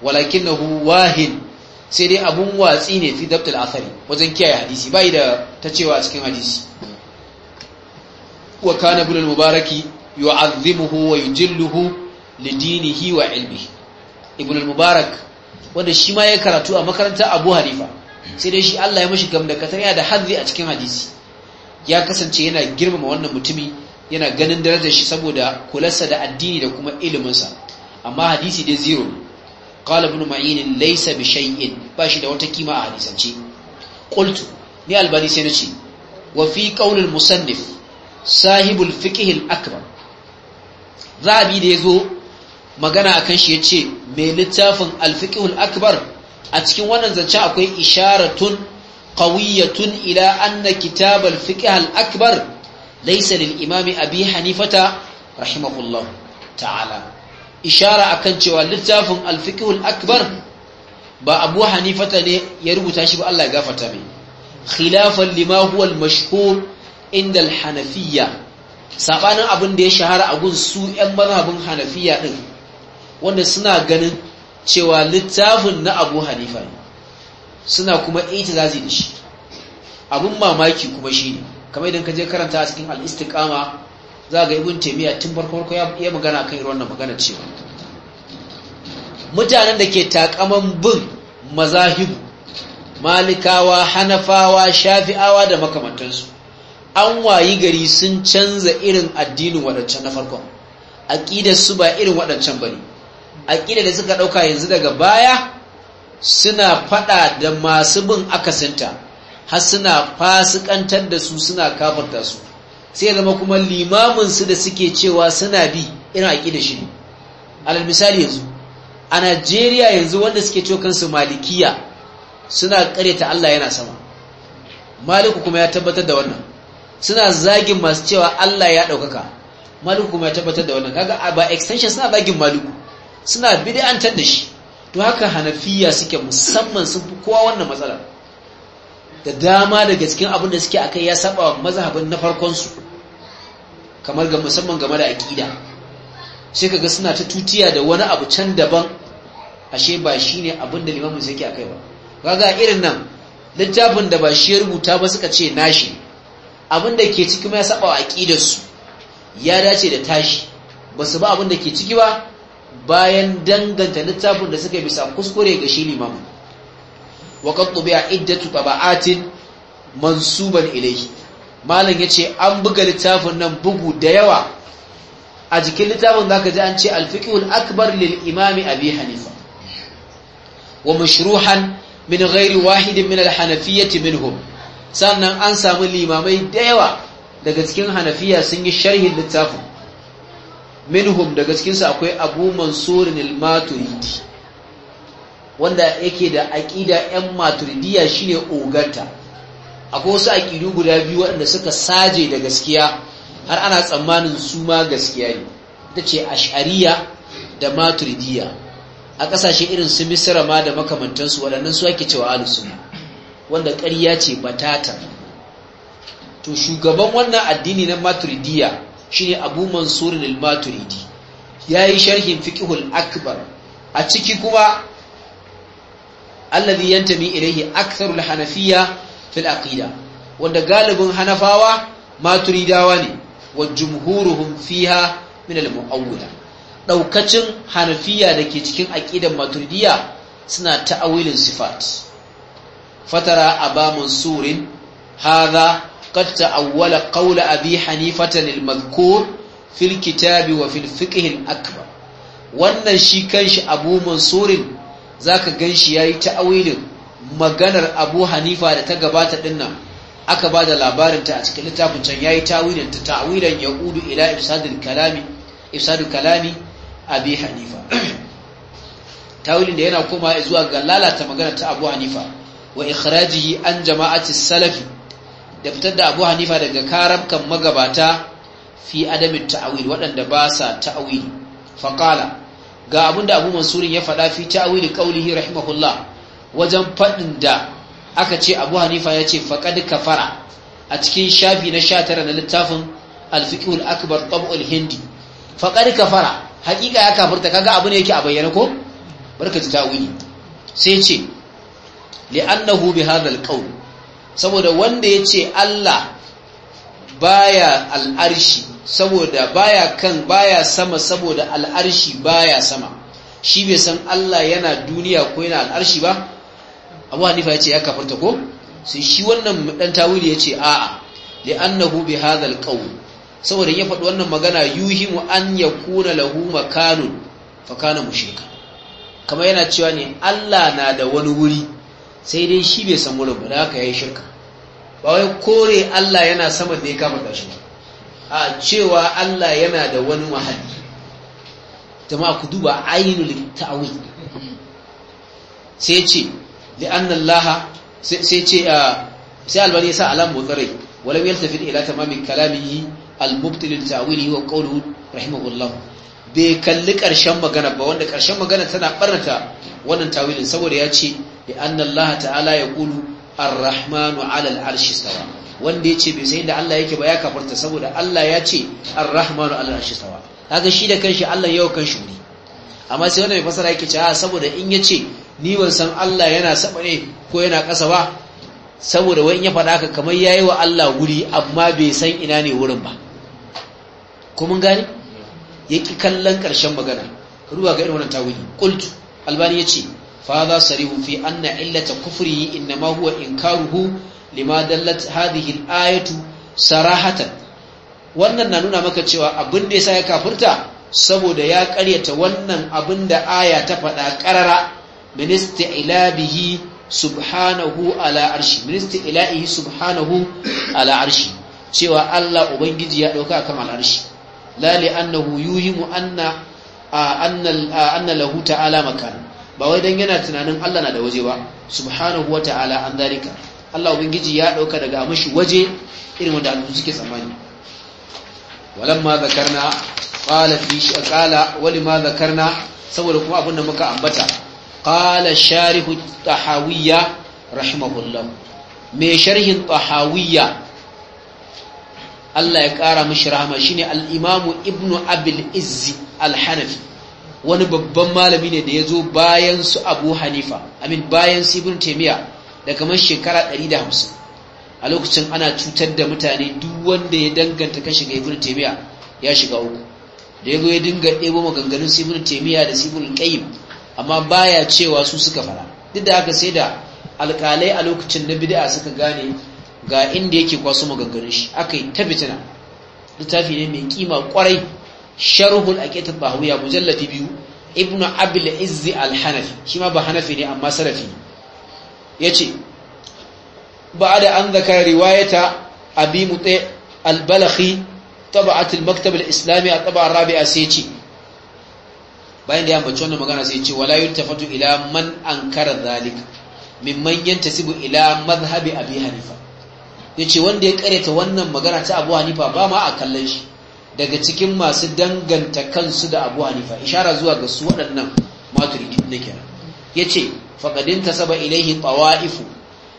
walakinahu wahin sai dai abun watsi ne fi dabtul asari wajen kiyaye hadisi bai da ta cewa a cikin hadisi wa kana ibn mubaraki yu'azzimuhu wa yujilluhu li dinihi wa ilmi ibn al-mubarak wanda shi ma ya karatu a makarantar Abu Hanifa sai dai shi Allah ya mishi gamdakatar ya da hadzi a cikin hadisi ya kasance yana girmama wannan mutumi yana ganin darajar shi saboda kularsa da addini da kuma iliminsa amma hadisi dai zero ne qala ibn ma'in laysa bi shay'in da wata kima a hadisance qultu ni albani sai nace wa fi qawl al musannif sahibul fiqh al akbar zabi da yazo magana akan shi yace mai littafin al akbar a cikin wannan zancen akwai isharatun qawiyatun ila anna kitab al fiqh al akbar laysa lil imami abi hanifata rahimahullah ta'ala ishara a kan cewa littafin alfikihul akbar ba abu hanifata ne ya rubuta shi ba Allah ya gafata mai khilafan lima mashhur inda al-hanafiyya sabanin abin da ya shahara a gun su ƴan mazhabin hanafiya din wanda suna ganin cewa littafin na abu hanifa ne suna kuma itizazi da shi abun mamaki kuma shine kamar idan ka je karanta a cikin al-istiqama za ga ibn taimiyya tun farko farko ya magana kan irin wannan magana cewa mutanen da ke takaman bin mazahibu malikawa hanafawa shafi'awa da makamantansu an wayi gari sun canza irin addinin waɗancan na farkon aƙidar su ba irin waɗancan bane aƙidar da suka ɗauka yanzu daga baya suna faɗa da masu bin akasinta har suna fasikantar da su suna kafarta su sai zama kuma limamin su da suke cewa suna bi irin da shi alal misali yanzu a Najeriya yanzu wanda suke cewa kansu malikiya suna ta Allah yana sama maliku kuma ya tabbatar da wannan suna zagin masu cewa Allah ya ɗaukaka maliku kuma ya tabbatar da wannan kaga ba extension suna zagin maliku suna bid'antar da shi to haka hanafiya suke musamman sun fi kowa wannan matsalar da dama daga cikin abin da suke akai ya saba mazhabin na farkon su kamar ga musamman game da aƙida sai kaga suna ta tutiya da wani abu can daban ashe ba shine abin da limamin sai yake akai ba kaga irin nan littafin da ba shi ya rubuta ba suka ce nashi abin da ke ciki ma ya saba wa aƙidar ya dace da tashi ba su ba abin da ke ciki ba bayan danganta littafin da suka bisa kuskure ga shi limamin wa qad tubi'a iddatu tabaatin mansuban ilayhi malam ya ce an buga littafin nan bugu da yawa a jikin littafin za ka ji an ce alfiƙiul akbar lil imami abi hanifa wa mashruhan min ghairi wahidin min alhanafiyyati minhum sannan an samu limamai da yawa daga cikin hanafiya sun yi sharhin littafin minhum daga cikinsu akwai abu mansurin al-maturidi wanda yake da aƙida 'yan maturidiya shine ogata akwai wasu aƙidu guda biyu waɗanda suka saje da gaskiya har ana tsammanin su ma gaskiya ne ita ce ashariya da maturidiya a ƙasashe irin su misira ma da makamantansu waɗannan su ake cewa alusunna wanda ƙarya ce batata to shugaban wannan addini na maturidiya shine abu mansur al-maturidi yayi sharhin fiqhul akbar a ciki kuma alladhi yantami ilayhi aktharul hanafiyya fil wanda galibin hanafawa maturidawa ne wa jumhuruhum fiha min al mu'awwila daukacin hanafiya dake cikin aqidan maturidiya suna ta'awilin sifat fatara aba mansurin hadha قد تأول قول أبي حنيفة المذكور في الكتاب وفي الفقه الأكبر wannan shi kanshi abu mansurin zaka ganshi yayi ta'awilin maganar abu hanifa da ta gabata dinnan aka ba da labarinta a cikin littafin can ya yi tawilin ta tawilan ya kudu ila ifsadul kalami abi hanifa *clears throat* tawilin da yana koma zuwa ga lalata maganar ta abu hanifa wa ikhrajihi an jama'ati salafi da fitar da abu hanifa daga karabkan magabata fi adamin ta'awil waɗanda ba sa ta'awili faƙala ga da abu mansurin ya faɗa fi ta'awili qaulihi rahimahullah wajen faɗin da aka ce abu hanifa ya ce faƙad kafara a cikin shafi na sha tara na littafin alfiƙul akbar tab'ul hindi faƙad kafara haƙiƙa ya kafirta kaga abu ne yake a bayyana ko barka ji ta'wili sai ce li'annahu bi hadha qawl saboda wanda ya ce Allah baya al'arshi saboda baya kan baya sama saboda al'arshi baya sama shi bai san Allah yana duniya ko yana al'arshi ba abu hanifa ya ce ya kafarta ko sai shi wannan dan tawili ya ce a'a li'annahu bi hadha alqawl saboda ya faɗi wannan magana yuhi mu an yakuna lahu makanun fa kana mushrika kamar yana cewa ne Allah na da wani wuri sai dai shi bai san wurin da haka yayi shirka ba wai kore Allah yana sama da ya da shi a cewa Allah yana da wani mahalli jama'a ku duba ainul ta'wil sai ce li'annan laha sai ce sai albani sa alam mutsarai walam yaltafi ila tamamin kalamihi al tawili wa qawluhu rahimahullah bai kalli karshen magana ba wanda karshen magana tana barnata wannan tawilin saboda ya ce li'annan laha ta'ala ya ƙulu, ar-rahmanu 'ala al-arshi stawa wanda bai sai da Allah yake ba ya kafarta saboda Allah ya ce ar-rahmanu 'ala al-arshi stawa kaga shi da kanshi Allah yau kanshi wuri amma sai wanda mai fasara yake cewa saboda in ya ce. ni ban san Allah yana saba ne ko yana ƙasa ba saboda wani ya faɗa ka kamar ya yi wa Allah wuri amma bai san ina ne wurin ba ko mun gane ƙi kallon ƙarshen magana ruwa ga irin wannan tawili Kultu, albani yace fa za fi anna illata kufrihi ma huwa in lima dallat hadhihi al-ayatu sarahatan wannan na nuna maka cewa abin da yasa ya kafurta? saboda ya karyata wannan abin da aya ta faɗa ƙarara min isti'labihi subhanahu ala arshi min isti'labihi subhanahu ala arshi cewa Allah ubangiji ya dauka kan al'arshi la li annahu yuhimu anna anna lahu ta'ala makan ba wai dan yana tunanin Allah na da waje ba subhanahu wa ta'ala an dalika, Allah ubangiji ya dauka daga mashi waje irin wanda al'umma suke tsammani walamma zakarna qala fi qala walima zakarna saboda kuma da muka ambata qala sharihu tahawiyya rahimahullah mai sharhin tahawiyya Allah ya ƙara mashi rahama shine al-imamu ibnu abil izzi al-hanafi wani babban malami ne da ya zo bayan su abu hanifa amin bayan su ibn taimiyya da kamar shekara 150 a lokacin ana cutar da mutane duk wanda ya danganta ka shiga ibn taimiyya ya shiga uku da ya zo ya dinga ɗebo maganganun su ibn taimiyya da su ibn qayyim amma baya cewa su suka fara duk da haka sai da alkalai a lokacin na bid'a suka gane ga inda yake kwaso maganganun shi aka yi ta fitina littafi ne mai kima kwarai sharhul aqita bahawiya mujallati biyu ibnu abil izzi al-hanafi shi ma ba hanafi ne amma salafi yace da an zakara riwayata abi mutai al-balakhi طبعة a الإسلامي الطبعة sai سيتي bayan da ya ambaci wannan magana sai ya ce wala yuntafatu ila man ankara zalika mimman yantasibu ila madhhabi abi hanifa yace wanda ya kareta wannan magana ta abu hanifa ba ma a kallon shi daga cikin masu danganta kansu da abu hanifa ishara zuwa ga su waɗannan maturidi ne kenan yace faqadin tasaba ilaihi tawaifu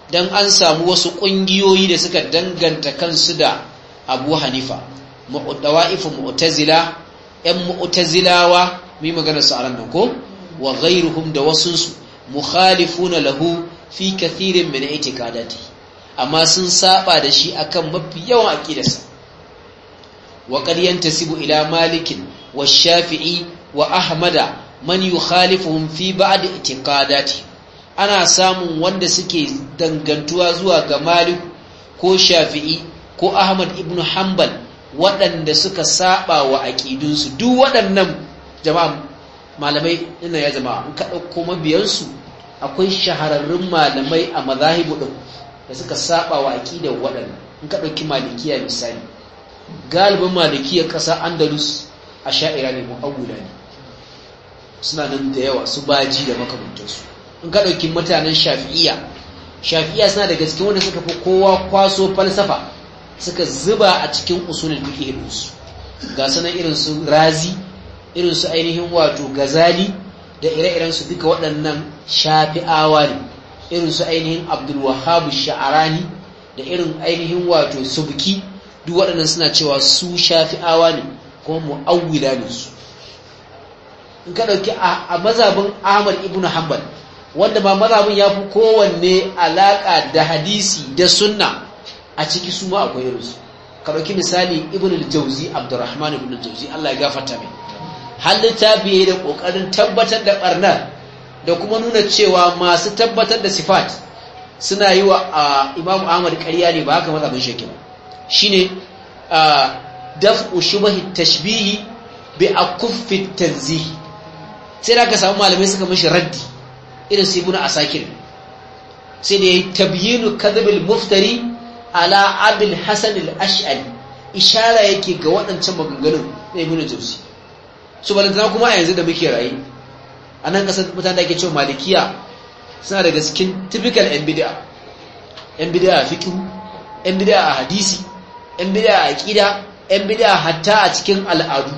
dan an samu wasu ƙungiyoyi da suka danganta kansu da abu hanifa mu'tawa'ifu mu'tazila yan mu'tazilawa mu yi maganar sa aran nan ko wa ghairuhum da wasunsu mukhalifuna lahu fi kathirin min itiqadati amma sun saba da shi akan mafi yawan aqidarsa wa qad yantasibu ila malikin wa shafi'i wa ahmada man yukhalifuhum fi ba'd itiqadati ana samun wanda suke dangantuwa zuwa ga malik ko shafi'i ko ahmad ibnu hanbal waɗanda suka saba wa aƙidunsu duk waɗannan jama'a malamai ina ya jama'a in ka ɗauko mabiyansu akwai shahararrun malamai a mazahibu ɗin da suka saba wa aƙida waɗannan in ka ɗauki malikiya misali galibin malikiyar ƙasa andalus a sha'ira ne mu'awula ne suna nan da yawa su baji da makamantarsu in ka ɗauki mutanen shafi'iya shafi'iya suna daga cikin wanda suka fi kowa kwaso falsafa suka zuba a cikin usulin fiƙe ga sanan irin su razi irin su ainihin wato gazali da ire-iren su duka waɗannan shafi'awa ne irin su ainihin abdulwahab sha'arani da irin ainihin wato subki duk waɗannan suna cewa su shafi'awa ne kuma mu'awwila ne su in ka ɗauki a mazabin ahmad ibn hanbal wanda ba mazabin ya fi kowanne alaƙa da hadisi da sunna a ciki su ma akwai irinsu ka ɗauki misali ibn al-jauzi abdurrahman ibn al-jauzi Allah ya gafarta mai har littafi da ƙoƙarin tabbatar da ɓarnar da kuma nuna cewa masu tabbatar da sifat suna yi wa imamu ahmad ƙarya ne ba haka bin shekin shi ne daf'u shubahi tashbihi bi kufi tanzihi sai da aka samu malamai suka mashi raddi irin su ibnu asakir sai da yi tabyinu kadabil muftari ala abil hasan al ash'ari ishara yake ga waɗancan maganganun na ibnu su balantana kuma a yanzu da muke rayu a nan kasar mutane da ake cewa malikiya suna daga cikin typical nbda nbda a fiqh nbda a hadisi yan a aqida yan bid'a hatta a cikin al'adu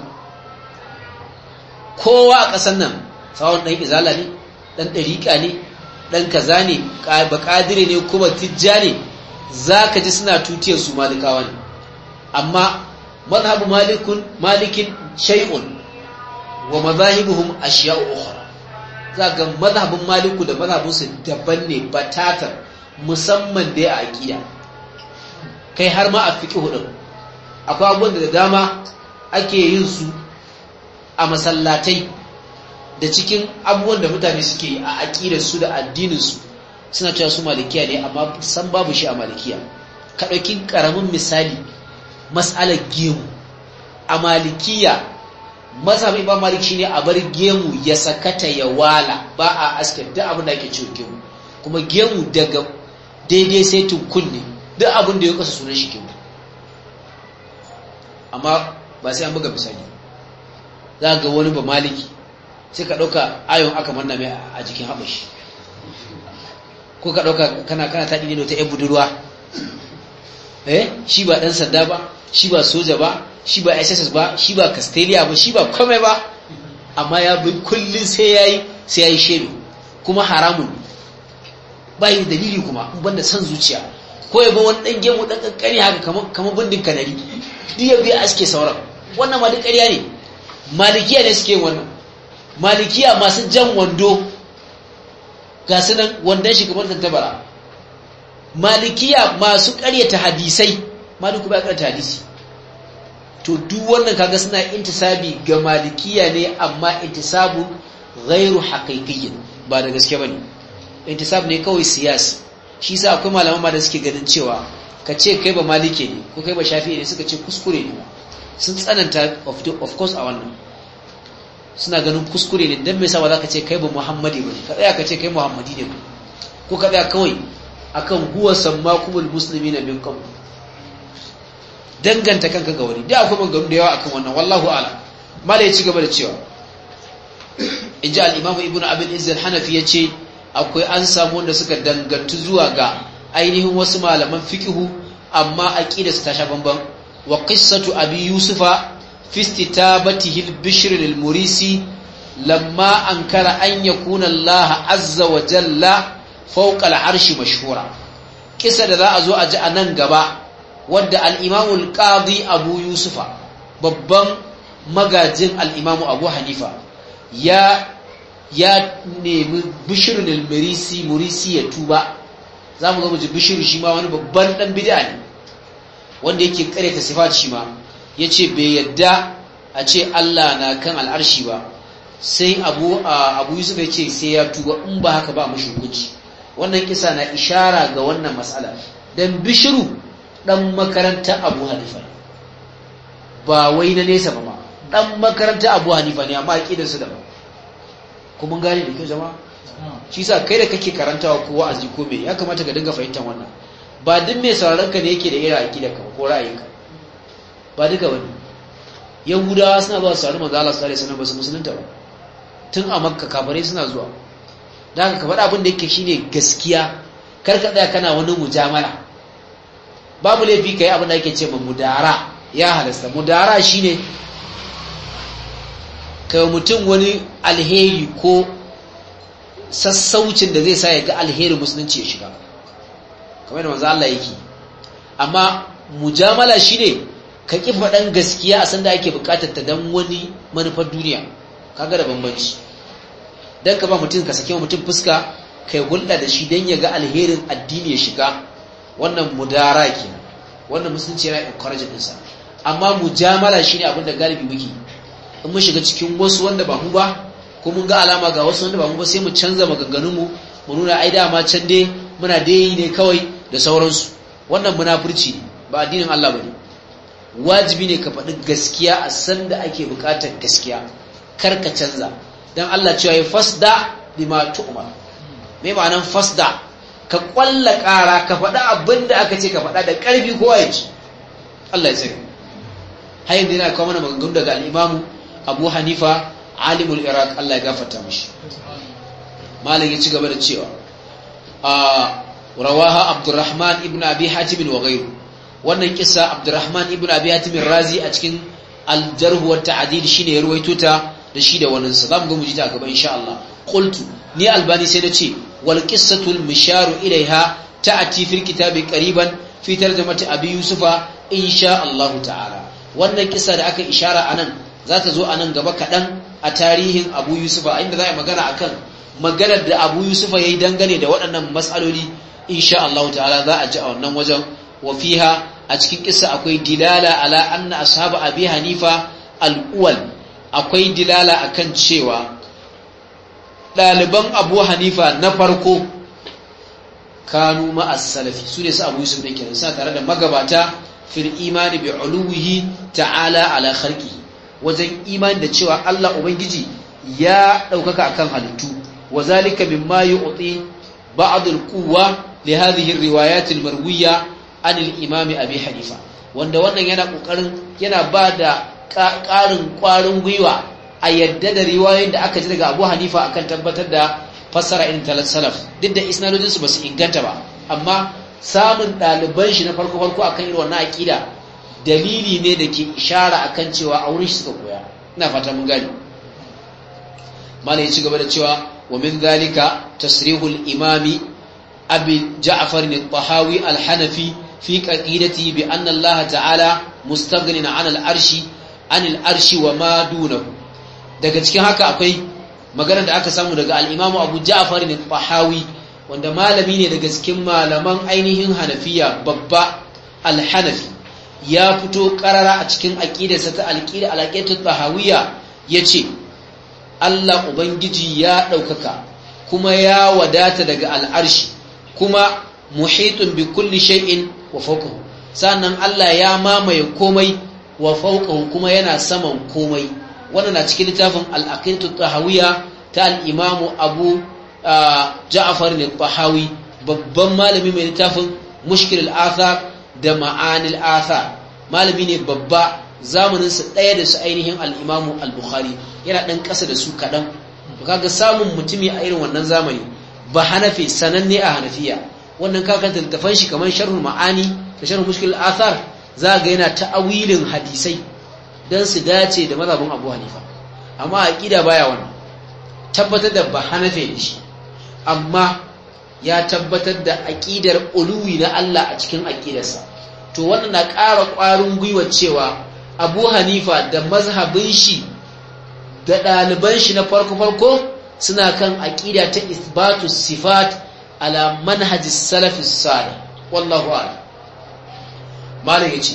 kowa a ƙasar nan tsawon ɗan izala ne ɗan ɗariƙa ne ɗan kaza ne baƙadire ne kuma tijja ne za ka ji suna tutiyar su malikawa ne amma mazhabu malikin shay'un wa mazahibuhum ashiya'u ukhra za ga mazhabin maliku da mazhabin su daban ne batatar musamman da a aqida kai har ma a fiqh din akwai abubuwan da dama ake yin su a masallatai da cikin abubuwan da mutane suke a aqidar su da addinin su suna cewa su malikiya ne amma san babu shi a malikiya ka ƙaramin misali mas'alar gemu a malikiya mazhabin imam malik shine a bar gemu ya sakata ya wala ba a aske duk abin da ake cewa gemu kuma gemu daga daidai sai tun kunne duk abin da ya kasa sunan shi gemu amma ba sai an buga misali za ga wani ba maliki sai ka ɗauka ayon aka manna mai a jikin haɓashi ko ka ɗauka kana kana ta ne ta wata ‘yan budurwa eh shi ba ɗan sanda ba shi ba soja ba shi ba sss ba shi ba castelia ba shi ba komai ba amma ya bi kullum sai ya yi sai ya yi kuma haramun ba yi dalili kuma banda son zuciya ko ya ba wani dan gemu dan kankani haka kamar bindin kanari duk ya aske sauran wannan ma duk ƙarya ne malikiya ne suke wannan malikiya masu jan wando ga su nan wandon shi kamar tantabara malikiya masu ƙaryata hadisai maliku ba ƙaryata hadisi to duk wannan kaga suna intisabi ga malikiya ne amma intisabu ghairu haqiqiyyin ba da gaske bane intisab ne kawai siyasi shi sa akwai malaman ma da suke ganin cewa ka ce kai ba malike ne ko kai ba shafi ne suka ce kuskure ne sun tsananta of of course a wannan suna ganin kuskure ne dan me yasa ba za ka ce kai ba muhammadi ba ka tsaya ka ce kai muhammadi ne ko ka tsaya kawai akan huwa sammakumul muslimina min qabl danganta kanka ga wani da akwai maganganu da yawa akan wannan wallahu ala mala ya ci gaba da cewa Inji ji ibnu ibn abin izal hanafi ya ce akwai an samu wanda suka dangantu zuwa ga ainihin wasu malaman fikihu amma aqida su ta sha bambam wa qissatu abi yusufa fi istitabatihi al-bishr lil-murisi lamma ankara an yakuna Allah azza wa jalla fawqa al-arshi mashhura kisa da za a zo a ji a nan gaba wadda al-Imam Abu Yusufa babban magajin Al'imamu Abu Hanifa ya ya nemi bishir al-Murisi Murisi ya tuba zamu mu mu ji bishir shi ma wani babban dan bid'a ne wanda yake ta sifat shi ma ce bai yadda a ce Allah na kan al'arshi ba sai abu abu Yusuf ya ce sai ya tuba in ba haka ba mashi hukunci wannan kisa na ishara ga wannan matsala dan bishiru ɗan makaranta abu hanifa ba wai na nesa ba ma ɗan makaranta abu hanifa ne amma aƙidarsu da ba kuma gane da kyau jama'a shi sa kai da kake karantawa ko wa'azi ko me ya kamata ka dinga fahimtar wannan ba duk mai sauraron ka ne yake da irin aqida ka ko ra'ayinka ba duka wani yahudawa suna zuwa sauraron manzo Allah sallallahu alaihi ba su musulunta ba tun a makka kafirai suna zuwa dan haka ka faɗa abin da yake shine gaskiya kar ka tsaya kana wani mujamala babu laifi ka yi abin da ake ce ma mudara ya halasta mudara shine ka mutum wani alheri ko sassaucin da zai sa ya ga alheri musulunci ya shiga kamar da manzo Allah yake amma mujamala shine ka ki faɗan gaskiya a sanda ake buƙatar ta dan wani manufar duniya kaga da bambanci dan ka ba mutum ka sake mutum fuska kai hulɗa da shi dan ya ga alherin addini ya shiga wannan mudara ke wannan musulunci yana encourage ɗinsa amma mujamala shine abin da galibi muke in mun shiga cikin wasu wanda ba mu ba ko mun ga alama ga wasu wanda ba mu ba sai mu canza maganganun mu mu nuna ai da, ma can dai muna dai ne kawai da sauransu wannan munafurci ne ba addinin Allah bane wajibi ne ka faɗi gaskiya a san da ake buƙatar gaskiya kar ka canza dan Allah cewa ya fasda bima tu'mar me ma'anan fasda ka kwalla ƙara ka faɗa abin da aka ce ka faɗa da ƙarfi ko ya ci Allah ya tsare har yanzu yana kawo mana maganganu daga al'imamu abu hanifa alimul iraq Allah ya gafarta mashi malam ya ci gaba da cewa a rawaha abdurrahman ibn abi hatim wa ghayru wannan kisa abdurrahman ibn abi hatim razi a cikin aljarhuwar jarh wa ta'dil shine ya ruwaito ta da shi da wannan sa zamu ga mu ji ta gaba insha Allah qultu ni albani sai da ce wal qissatul misharu ilaiha ta'ati fil kitabi fitar da mata abi yusufa insha ta'ala wannan kisa da aka ishara anan za ta zo nan gaba kaɗan a tarihin Abu Yusufa inda za a magana akan maganar da Abu Yusufa yayi dangane da waɗannan matsaloli insha Allah ta'ala za a ji a wannan wajen wa fiha a cikin kisa akwai dilala ala anna ashabu abi hanifa al-uwal akwai dilala akan cewa ɗaliban abu hanifa na farko kanu ma'as salafi su ne su abu yusuf ne kenan suna tare da magabata fil imani bi uluhi ta'ala ala kharqi wajen imani da cewa Allah ubangiji ya ɗaukaka akan halittu wa zalika mimma yu'ti ba'd al-quwwa li hadhihi ar-riwayat al-marwiya an al-imam abi hanifa wanda wannan yana kokarin yana bada ƙarin ƙwarin gwiwa a yadda da riwayoyin da aka ji daga Abu Hanifa akan tabbatar da fassara irin talat salaf duk da isnadojin su basu inganta ba amma samun ɗaliban shi na farko farko akan irin wannan aqida dalili ne da ke ishara akan cewa a shi suka koya ina fata mun gani malai ya ci gaba da cewa wa min zalika tasrihul imami abi ja'far ne tahawi al-hanafi fi qaqidati bi anna ta'ala mustaghnin 'an al-arshi 'an arshi wa ma dunahu daga cikin haka akwai maganar da aka samu daga al'imamu abu ja'afar ne fahawi wanda malami ne daga cikin malaman ainihin hanafiya babba alhanafi ya fito karara a cikin aƙidarsa ta alƙidar alaƙetar fahawiya ya ce allah ubangiji ya ɗaukaka kuma ya wadata daga al'arshi kuma muhitun bi kulli shay'in wa fawqahu sannan allah ya mamaye komai wa fawqahu kuma yana saman komai wannan na cikin littafin al-aqidatu tahawiyya ta al-imamu abu ja'far al-tahawi babban malami mai littafin mushkil al-athar da ma'anil athar malami ne babba zamanin ɗaya daya da su ainihin al-imamu al-bukhari yana dan kasa da su kadan kaga samun mutumi a irin wannan zamani ba hanafi sananne a hanafiya wannan kakan littafan shi kamar sharhul ma'ani da sharhul mushkil al-athar za ga yana ta'awilin hadisai don su dace da mazabin abu hanifa amma aƙida baya wannan tabbatar da ba hanafe ne shi amma ya tabbatar da aƙidar uluwi na Allah a cikin aƙidarsa to wannan na ƙara ƙwarin gwiwa cewa abu hanifa da mazhabin shi da ɗaliban shi na farko-farko suna kan aƙida ta isbatu sifat ala Manhaji, salafis salih wallahu a'lam ya ce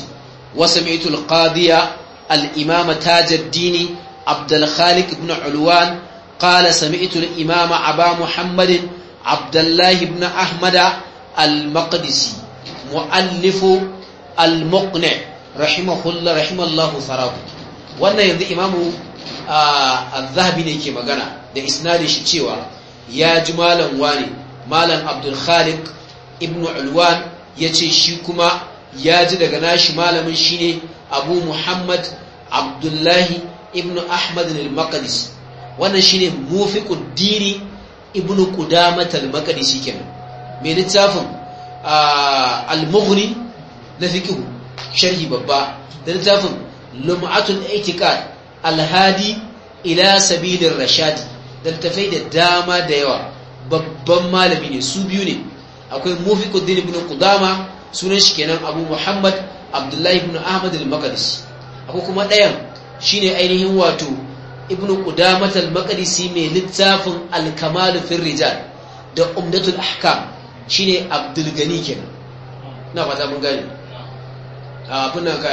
wasu mitul qadiya الإمام تاج الدين عبد الخالق بن علوان قال سمعت الإمام أبا محمد عبد الله بن أحمد المقدسي مؤلف المقنع رحمه الله رحمه الله ثراه wannan yanzu imamu al-zahabi ne ke magana da isnadin shi cewa ya ji malam wani malam abdul khaliq ibn ulwan ya ce shi kuma ya ji daga nashi malamin shine abu muhammad abdullahi ibn ahmad al-maqdisi wannan shine mufiqud diri ibn qudamah al-maqdisi kenan mai littafin al-mughni na fiqh sharhi babba da littafin lum'atul i'tiqad al-hadi ila sabilir rashad da littafai da dama da yawa babban malami ne su biyu ne akwai mufiqud diri ibn qudama sunan shi kenan abu muhammad abdullahi ibn ahmad al-maqdisi akwai kuma ɗayan shine ainihin wato ibn qudamah al-maqdisi mai littafin Alkamalu kamal da umdatul ahkam shine abdul gani kenan na fata mun a abin ka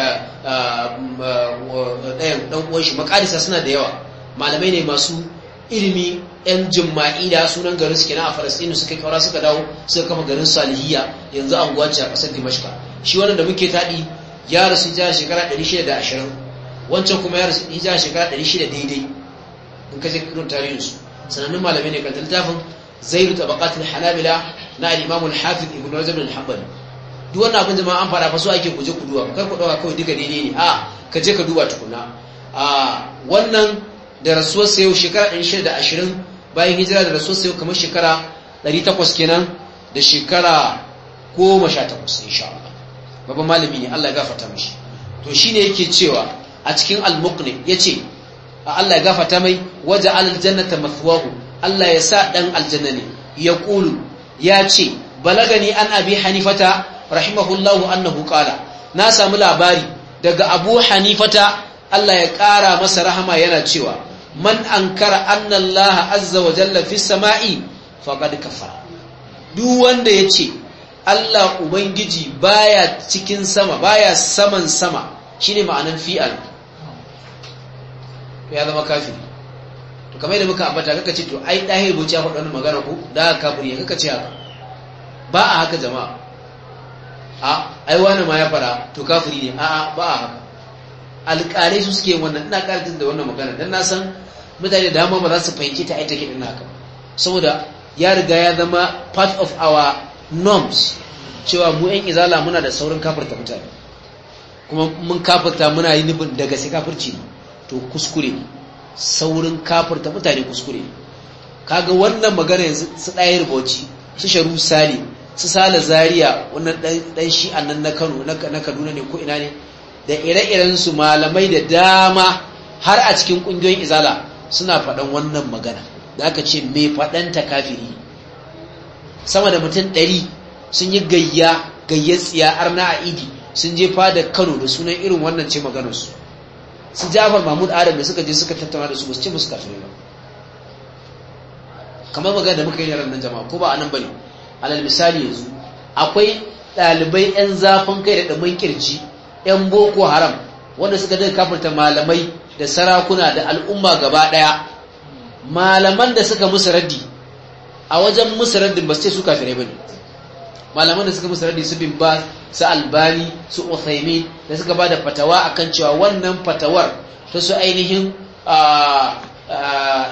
ɗayan ɗan uwan shi suna da yawa malamai ne masu ilimi yan jima'i da sunan garin su na a falastinu suka kaura suka dawo suka kafa garin salihiyya yanzu an gwace a ƙasar dimashka shi wannan da muke taɗi ya rasu hijira shekara 620 wancan kuma ya rasu hijira shekara 600 daidai in ka je kan tarihin su sanannun malamai ne kan littafin zairu tabaqatul halabila na al-imam al-hafiz ibn rajab al-hanbali duk wannan abin jama'a an fara fa so ake guje ku duba kar ku dauka kawai duka daidai ne a ka je ka duba tukuna a wannan da rasuwar sayo shekara 620 bayan hijira da rasuwar sayo kamar shekara 800 kenan da shekara 18 insha Allah babban malami ne Allah ya gafarta mishi to shine yake cewa a cikin al-muqni yace Allah ya gafarta mai waja al-jannata mathwahu Allah ya sa dan aljanna ne ya kulu ya ce balagani an abi hanifata rahimahullahu annahu qala na samu labari daga abu hanifata Allah ya kara masa rahama yana cewa man ankara anna Allah azza wa jalla fi sama'i faqad kafara duk wanda yace Allah Ubangiji baya cikin sama baya saman sama shine ma'anan fi'al ya zama kafiri to kamar yadda muka ambata kaka ce to ai dahir buci ya faɗa magana ko da kafiri kaka ce haka ba a haka jama'a a ai wani ma ya fara to kafiri ne a ba a haka alƙalai su suke wannan ina ƙarfin da wannan magana dan na san mutane da dama ba za su fahimci ta ai kiɗin haka saboda ya riga ya zama part of our norms cewa mu yan izala muna da saurin kafarta mutane kuma mun kafirta muna yi nufin daga sai kafirci to kuskure saurin kafirta mutane kuskure kaga wannan magana yanzu su ɗaya rubuci su sharu sali su sala zaria wannan ɗan shi nan na kano na kaduna ne ko ina ne da ire-iren su malamai da dama har a cikin ƙungiyoyin izala suna faɗan wannan magana da aka ce mai faɗanta kafiri sama da mutum ɗari sun yi gayya gayyatsiya arna a idi sun je fada kano da sunan irin wannan ce maganarsu su jafar mahmud adam da suka je suka tattauna da su ba ce musu kafirai ba kamar magana da muka yi ranar jama'a ko ba a nan bane alal misali yanzu akwai ɗalibai 'yan zafin kai da ɗumin kirji 'yan boko haram wanda suka daga kafinta malamai da sarakuna da al'umma gaba ɗaya malaman da suka musu raddi a wajen musaraddin ba su ce su kafirai ba ne malaman da suka musaraddi su bin ba su albani su uthaimin da suka ba da fatawa akan cewa wannan fatawar ta su ainihin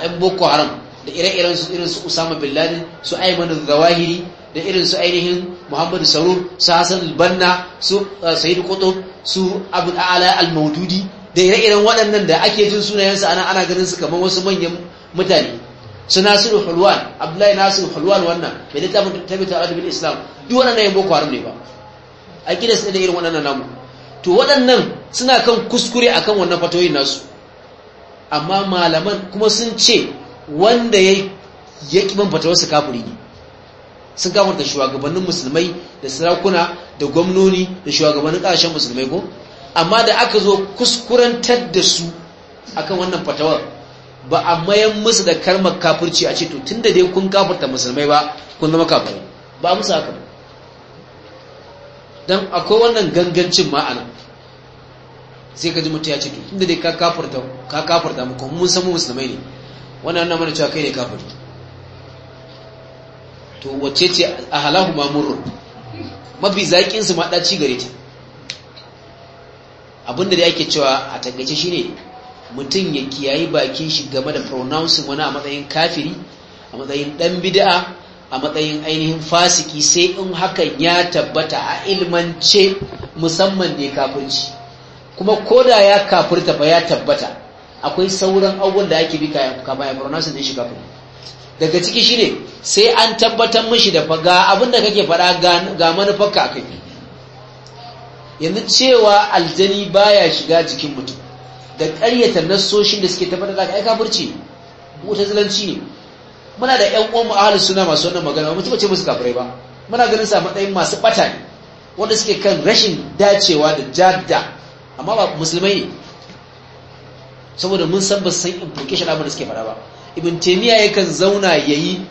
yan boko haram da ire-iren su irin su usama bin laden su aiman zawahiri da irin su ainihin muhammadu sarur su hassan albanna su sayidu kutub su abu ala al-maududi da ire-iren waɗannan da ake jin sunayensu anan ana ganin su kamar wasu manyan mutane su nasiru hulwan abdullahi nasiru hulwan wannan bai littafin tabbata a bin islam duk wannan yayin boko haram ne ba a kida su da irin waɗannan namu to waɗannan suna kan kuskure akan wannan fatoyin nasu amma malaman kuma sun ce wanda ya ya fatawar fatawarsu kafiri ne sun da shugabannin musulmai da sarakuna da gwamnoni da shugabannin kasashen musulmai ko amma da aka zo kuskurantar da su akan wannan fatawar ba a mayan musu da kalmar kafirci a ce to tunda dai kun kafirta musulmai ba kun zama kafirai ba musu haka ba dan akwai wannan gangancin ma'ana sai ka ji mutu ya ce to tunda dai ka kafirta mu kuma mun san musulmai ne wannan nan mana cewa kai ne kafiri to wacce ce a ahalahu mamurun mafi zaƙin su ma ɗaci gare ta abinda da ke cewa a takaice shine mutum ya kiyayi bakin shi game da pronouncing wani a matsayin kafiri a matsayin dan bid'a a matsayin ainihin fasiki sai in hakan ya tabbata a ilmance musamman da ya kafirci kuma koda ya kafirta ba ya tabbata akwai sauran abubuwan da ake bi kama ya pronouncing din shi kafiri daga ciki shine sai an tabbatar mishi da ga abin da kake faɗa ga manufarka a kai yanzu cewa aljani baya shiga jikin mutum da ƙaryata nassoshin da suke tabbatar da kai kafirci mutazilanci ne muna da ƴan uwan ahlus sunna masu wannan magana mu ce musu kafirai ba muna ganin sa matsayin masu bata ne wanda suke kan rashin dacewa da jadda amma ba musulmai ne saboda mun san ba san implication abin da suke fara ba ibn taymiya yakan zauna yayi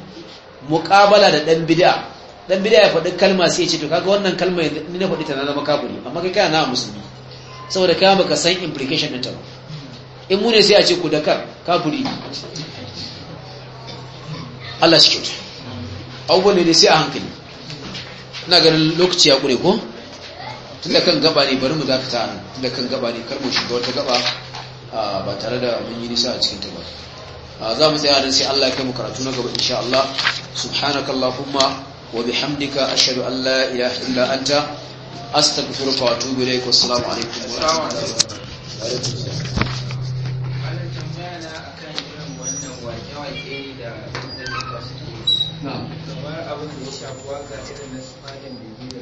muqabala da dan bid'a dan bid'a ya faɗi kalma sai ya ce to kaga wannan kalma ni na faɗi ta na zama kafiri amma kai kana na musulmi saboda kai baka san implication ɗinta ba in mu ne sai a ce ku dakar kafuri Allah shi kyautu abubuwan ne sai a hankali ina ganin lokaci ya ƙure ko tun da kan gaba ne bari mu dakata nan tun da kan gaba ne kar mu shiga wata gaba ba tare da mun yi nisa a cikin ta ba za mu tsaya nan sai Allah ya kai mu karatu na gaba insha Allah subhanakallahumma wa bihamdika ashhadu an la ilaha illa anta astaghfiruka wa atubu ilaik assalamu alaikum wa rahmatullahi wa kamar abin da ya shafi waka irin na sufadin da